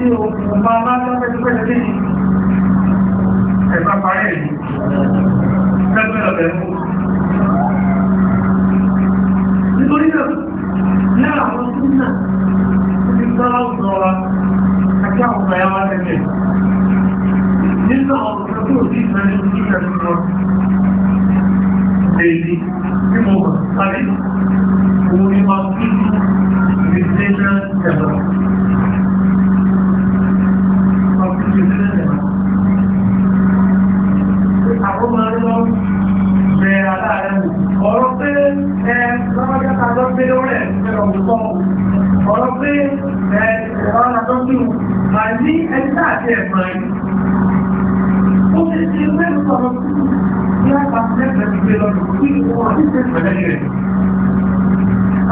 tí o máa máa tọ́pẹ́ tí pẹ́lẹ̀ tí ẹ̀fà parí èyí pẹ́pẹ́ ọ̀bẹ̀ mú nítorí náà ní àwọn súnà ti sára ọ̀dọ́ wa àti àwọn ọ̀dọ́ wa tẹ́lẹ̀ nínú ọ̀dọ́ tó ti ìfẹ́lẹ̀ sí ìfẹ́lẹ̀ Èyí tí mo mọ̀ sáré, òun ni máa ń fi ìgbésẹ̀ náà tẹ̀lọ́. gbé lórí ẹ̀ pẹ̀lú ọ̀pọ̀ ọ̀rọ̀ pé ẹ̀ ọ̀rọ̀ àtọ́jú máa ní ẹni láti ẹ̀fọn ẹ̀. ó ti ṣe pé ń sọ̀rọ̀ ní àpapọ̀ ẹ̀fẹ̀ ti gbé lọ́dún kí wọ́n ti ṣe pẹ̀lẹ́ rẹ̀.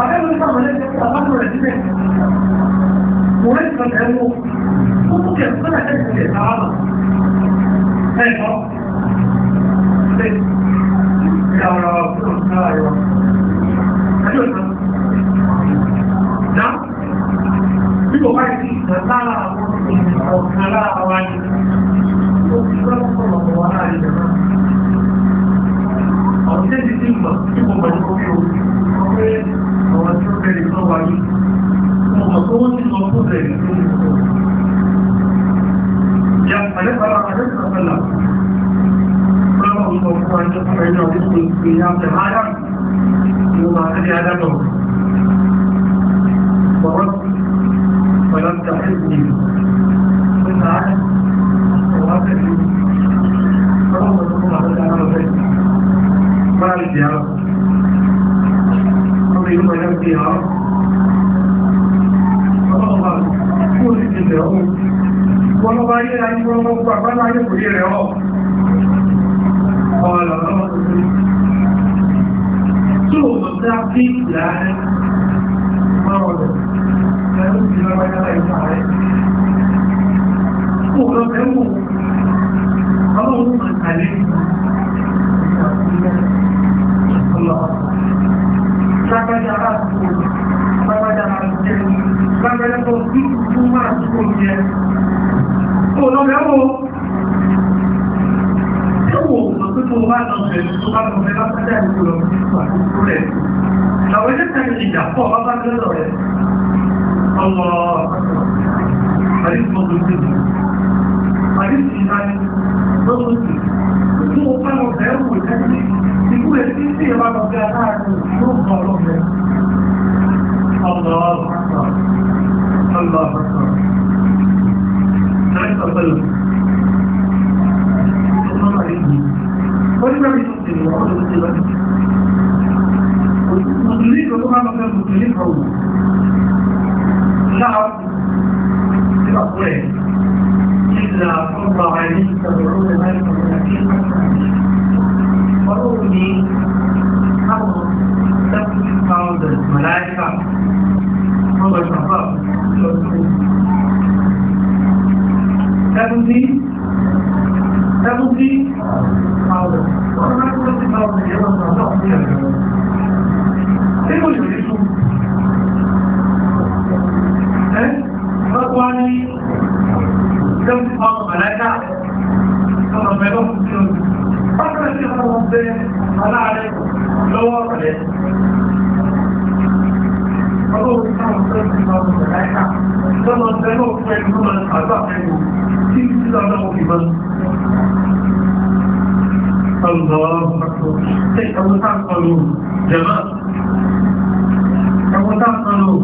àbẹ́wò ìsàmọ̀ lẹ́sẹ̀ pé àbájọ rẹ̀ sílẹ̀ kò rẹ̀ kan ẹ̀ wò ó tún kẹ̀ fún ẹ̀fẹ̀ ti ṣe ìgbà tí mo bẹ̀rẹ̀ kó yóò pé àwọn tí ó bẹ̀rẹ̀ sọ wà ní ọmọ tó wọ́n ti sọ tó bẹ̀rẹ̀ tó láyé kò rí rẹ̀ ọ Àwọn ilé ìjàpọ̀ bá bá lọ́rọ̀ ẹ̀ Ṣé ẹwọ́ta kan lò? Jẹ̀mọ́, ẹwọ́ta kan lò?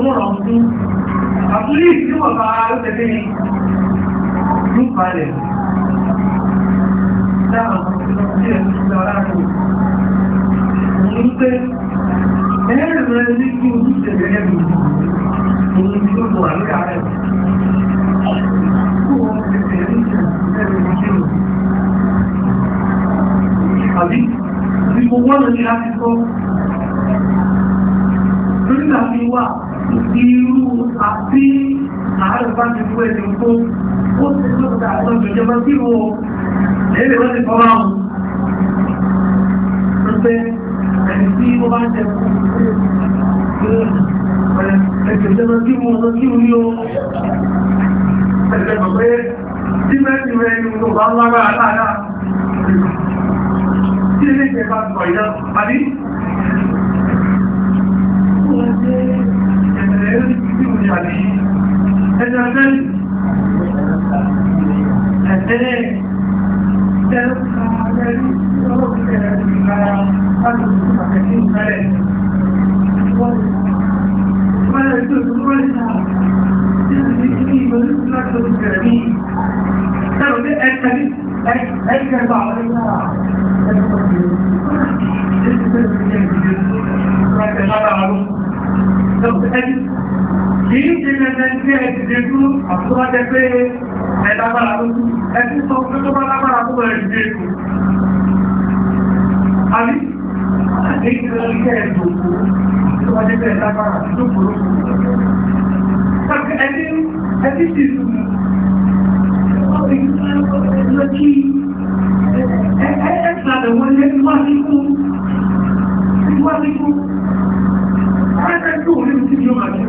olóòrọ̀ ọdún àtúrí ìdíwọ̀ bá lóòtẹ́lẹ́ ní ìpàlẹ̀ dáhùn sílẹ̀ sílẹ̀ ọlọ́run ní pé ẹ̀rẹ́ rẹ̀ ní kí ojú ìṣẹ̀lẹ̀ ẹ̀rẹ́ bá ti fún ẹ̀sìn tó ó ti tó ta àwọn ìjọba tí wo lẹ́yìn wọ́n ti fọ́nrán wọn. ó pé ẹni tí ó bá ń jẹ ẹ̀sìn ìjọba tí wo lọ sí orí o. ẹ̀sìn ìjọba pé dífẹ́ǹtì rẹ̀ ni mo bá ń lágbára dáadáa. Kí lè jẹ́ bá sọ ìdá? Àbí? Ó ń ṣe ẹ̀rẹ̀ ẹ̀rẹ̀ tí mo ní ẹjọ́ sẹ́yìn ẹ̀tẹ́lẹ̀ tẹ́lẹ̀ká lẹ́rí lọ́wọ́ ìgbẹ̀rẹ̀ ìgbàra láti ìlú pàtàkì ìgbàrẹ̀ wọ́n lè tó ìgbàrẹ̀ ìgbàrẹ̀ ìgbàrẹ̀ lọ́pẹ́lẹ́dì kìí ṣe lẹ́gbẹ́ tí ẹ ti dẹ̀kú àtúwájẹ́ pé ẹ lágbára tó kú ẹ ti sọ pé tó bá lágbára tó bẹ̀rẹ̀ ìdí èkó àbí àdéhùn ìṣẹ́ ìdòkó àtúwájẹ́ pé ẹ lágbára tó kú ẹni ẹni ti sùn lọ́kí ẹ̀ẹ́sàdẹ̀wọlé wá síkú wá síkú هذا الكون يمكن يغني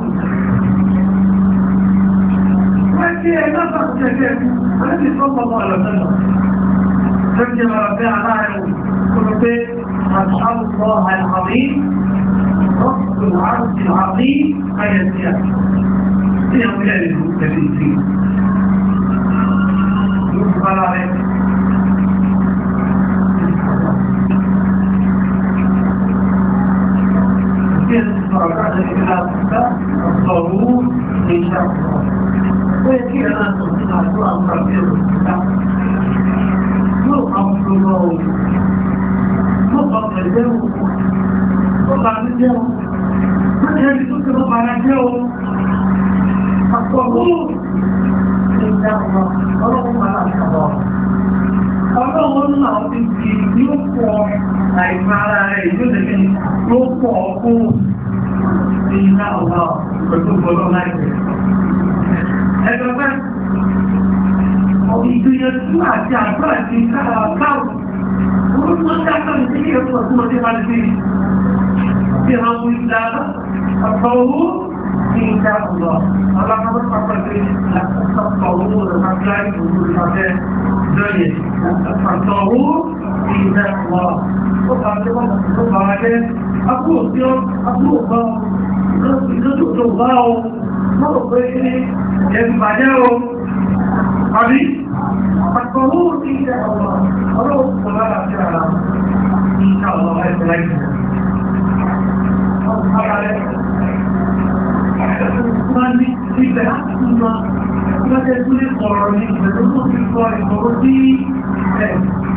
وكي نفق كثير النبي صلى الله عليه وسلم فكر ربيع معه قلت أسأل الله العظيم رب العرش العظيم أن يسير في أولاد المتكلمين يقبل عليه legislativa, Paulo deixa Esse ano, na sua universidade, no automóvel, no papelão, no papelão, no não do Maranhão, a sua luz, então, vamos falar de agora. Ọlọ́run wọn náà ti di yóò pọ̀ àìmára rẹ̀ yóò lè fi ló pọ̀ fún un. sí iná ọ̀gá pẹ̀lú ọ̀gá láìpẹ́. Ẹgbẹ́ pẹ́, ìgbìyànjú àti àgbà àti ìkára báwò, wọ́n tó dákọ̀ ní ilé ẹ̀kọ́ tí wọ́n ti máa ń gbé ti hàn mú ìlà ọ̀pọ̀ owó ní ìjà ọ̀gá. Ọlọ́pàá pàpà pé ọ̀pọ̀ owó rẹ̀ máa gbá ìgbòho ìfàfẹ́ lọ́yẹ̀. Ọ̀pọ̀ owó ní ìjà ọ̀gá. Ó bá jẹ́ wọ́n tó bá wá jẹ́, àbúrò tí ó, àbúrò bá wọn ìlú tó bá ọ mọ́rọ̀ pé ẹ̀sùn bàjẹ́ ọ àbí àkọ̀wò ní ilẹ̀ ọ̀rọ̀ ọ̀rọ̀ òṣèlú àti ara ní àwọn ẹ̀sùn láìpẹ́ ọ̀rọ̀ ara rẹ̀ máa ní ibẹ̀ láti máa lọ́jẹ́ tó lè sọ̀rọ̀ ní ìgbẹ̀lógún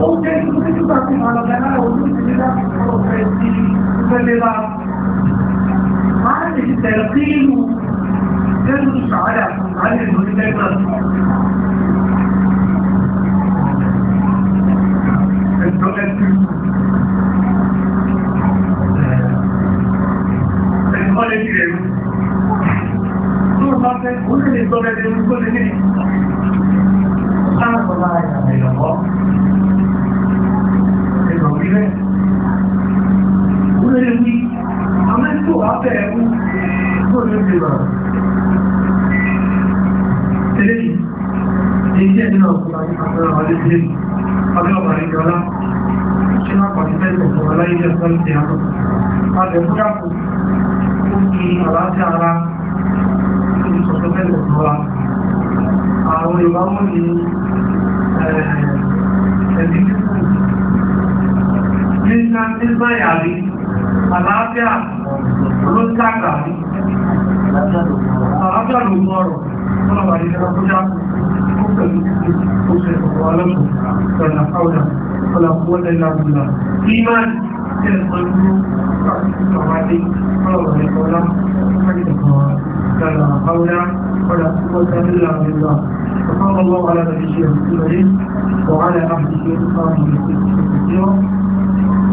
ó jẹ́ ìtúsí nígbà tí àlọ́gbẹ̀ náà ojú ti ní láti kọ́ ọ̀fẹ́ sí ìfẹ́lẹ́lá. Máa ń lè tẹ̀lé sí ìlú Jésù Sàádà láti ìlú ní Lẹ́gbà. Ẹ̀jọ́ ẹ̀sìn ẹ̀kọ́ lè fi rẹ̀ Tó bá fẹ́, ó lè lè sọ rẹ̀ lè rú kó lè ní. Sáà sọ láàárín àwọn ìyàwó. lè wí àmọ́ tó wá fẹ́ ẹ̀kú tó lè fi rọ̀ tẹ́lẹ̀ yìí iṣẹ́ nínú ọkùnrin àti àwọn ọmọdé abẹ́ ọmọ ìjọlá ṣe máa pàdé mẹ́rin ọ̀pọ̀ aláyé ẹ̀kọ́ ìṣẹ́ àtọ̀ alẹ́ fún dàpọ̀ ó fi àlàáfíà ara tó ti sọ̀tọ̀ mẹ́rin ọ̀pọ̀ wa àwọn Yorùbá mú ní ẹ̀ẹ́dẹ́gbẹ̀rún ní sáńtẹ́ báyà rí àlàáfíà olóńtàkà àlàáfíà ló mú ọ̀rọ̀ ọlọ́wà ní ẹgbẹ́kọ́já ó pẹ̀lú oṣù ọlọ́pù ọ̀nà àwọ̀dà ọlọ́pù ọ̀nà ìlàbùlà kí máa ń tẹ̀ pẹ̀lú ọ̀wádé ọlọ́wà ní ọlá كان قولا ولا قوة إلا بالله وصلى الله على نبينا محمد وعلى أهله وصحبه وسلم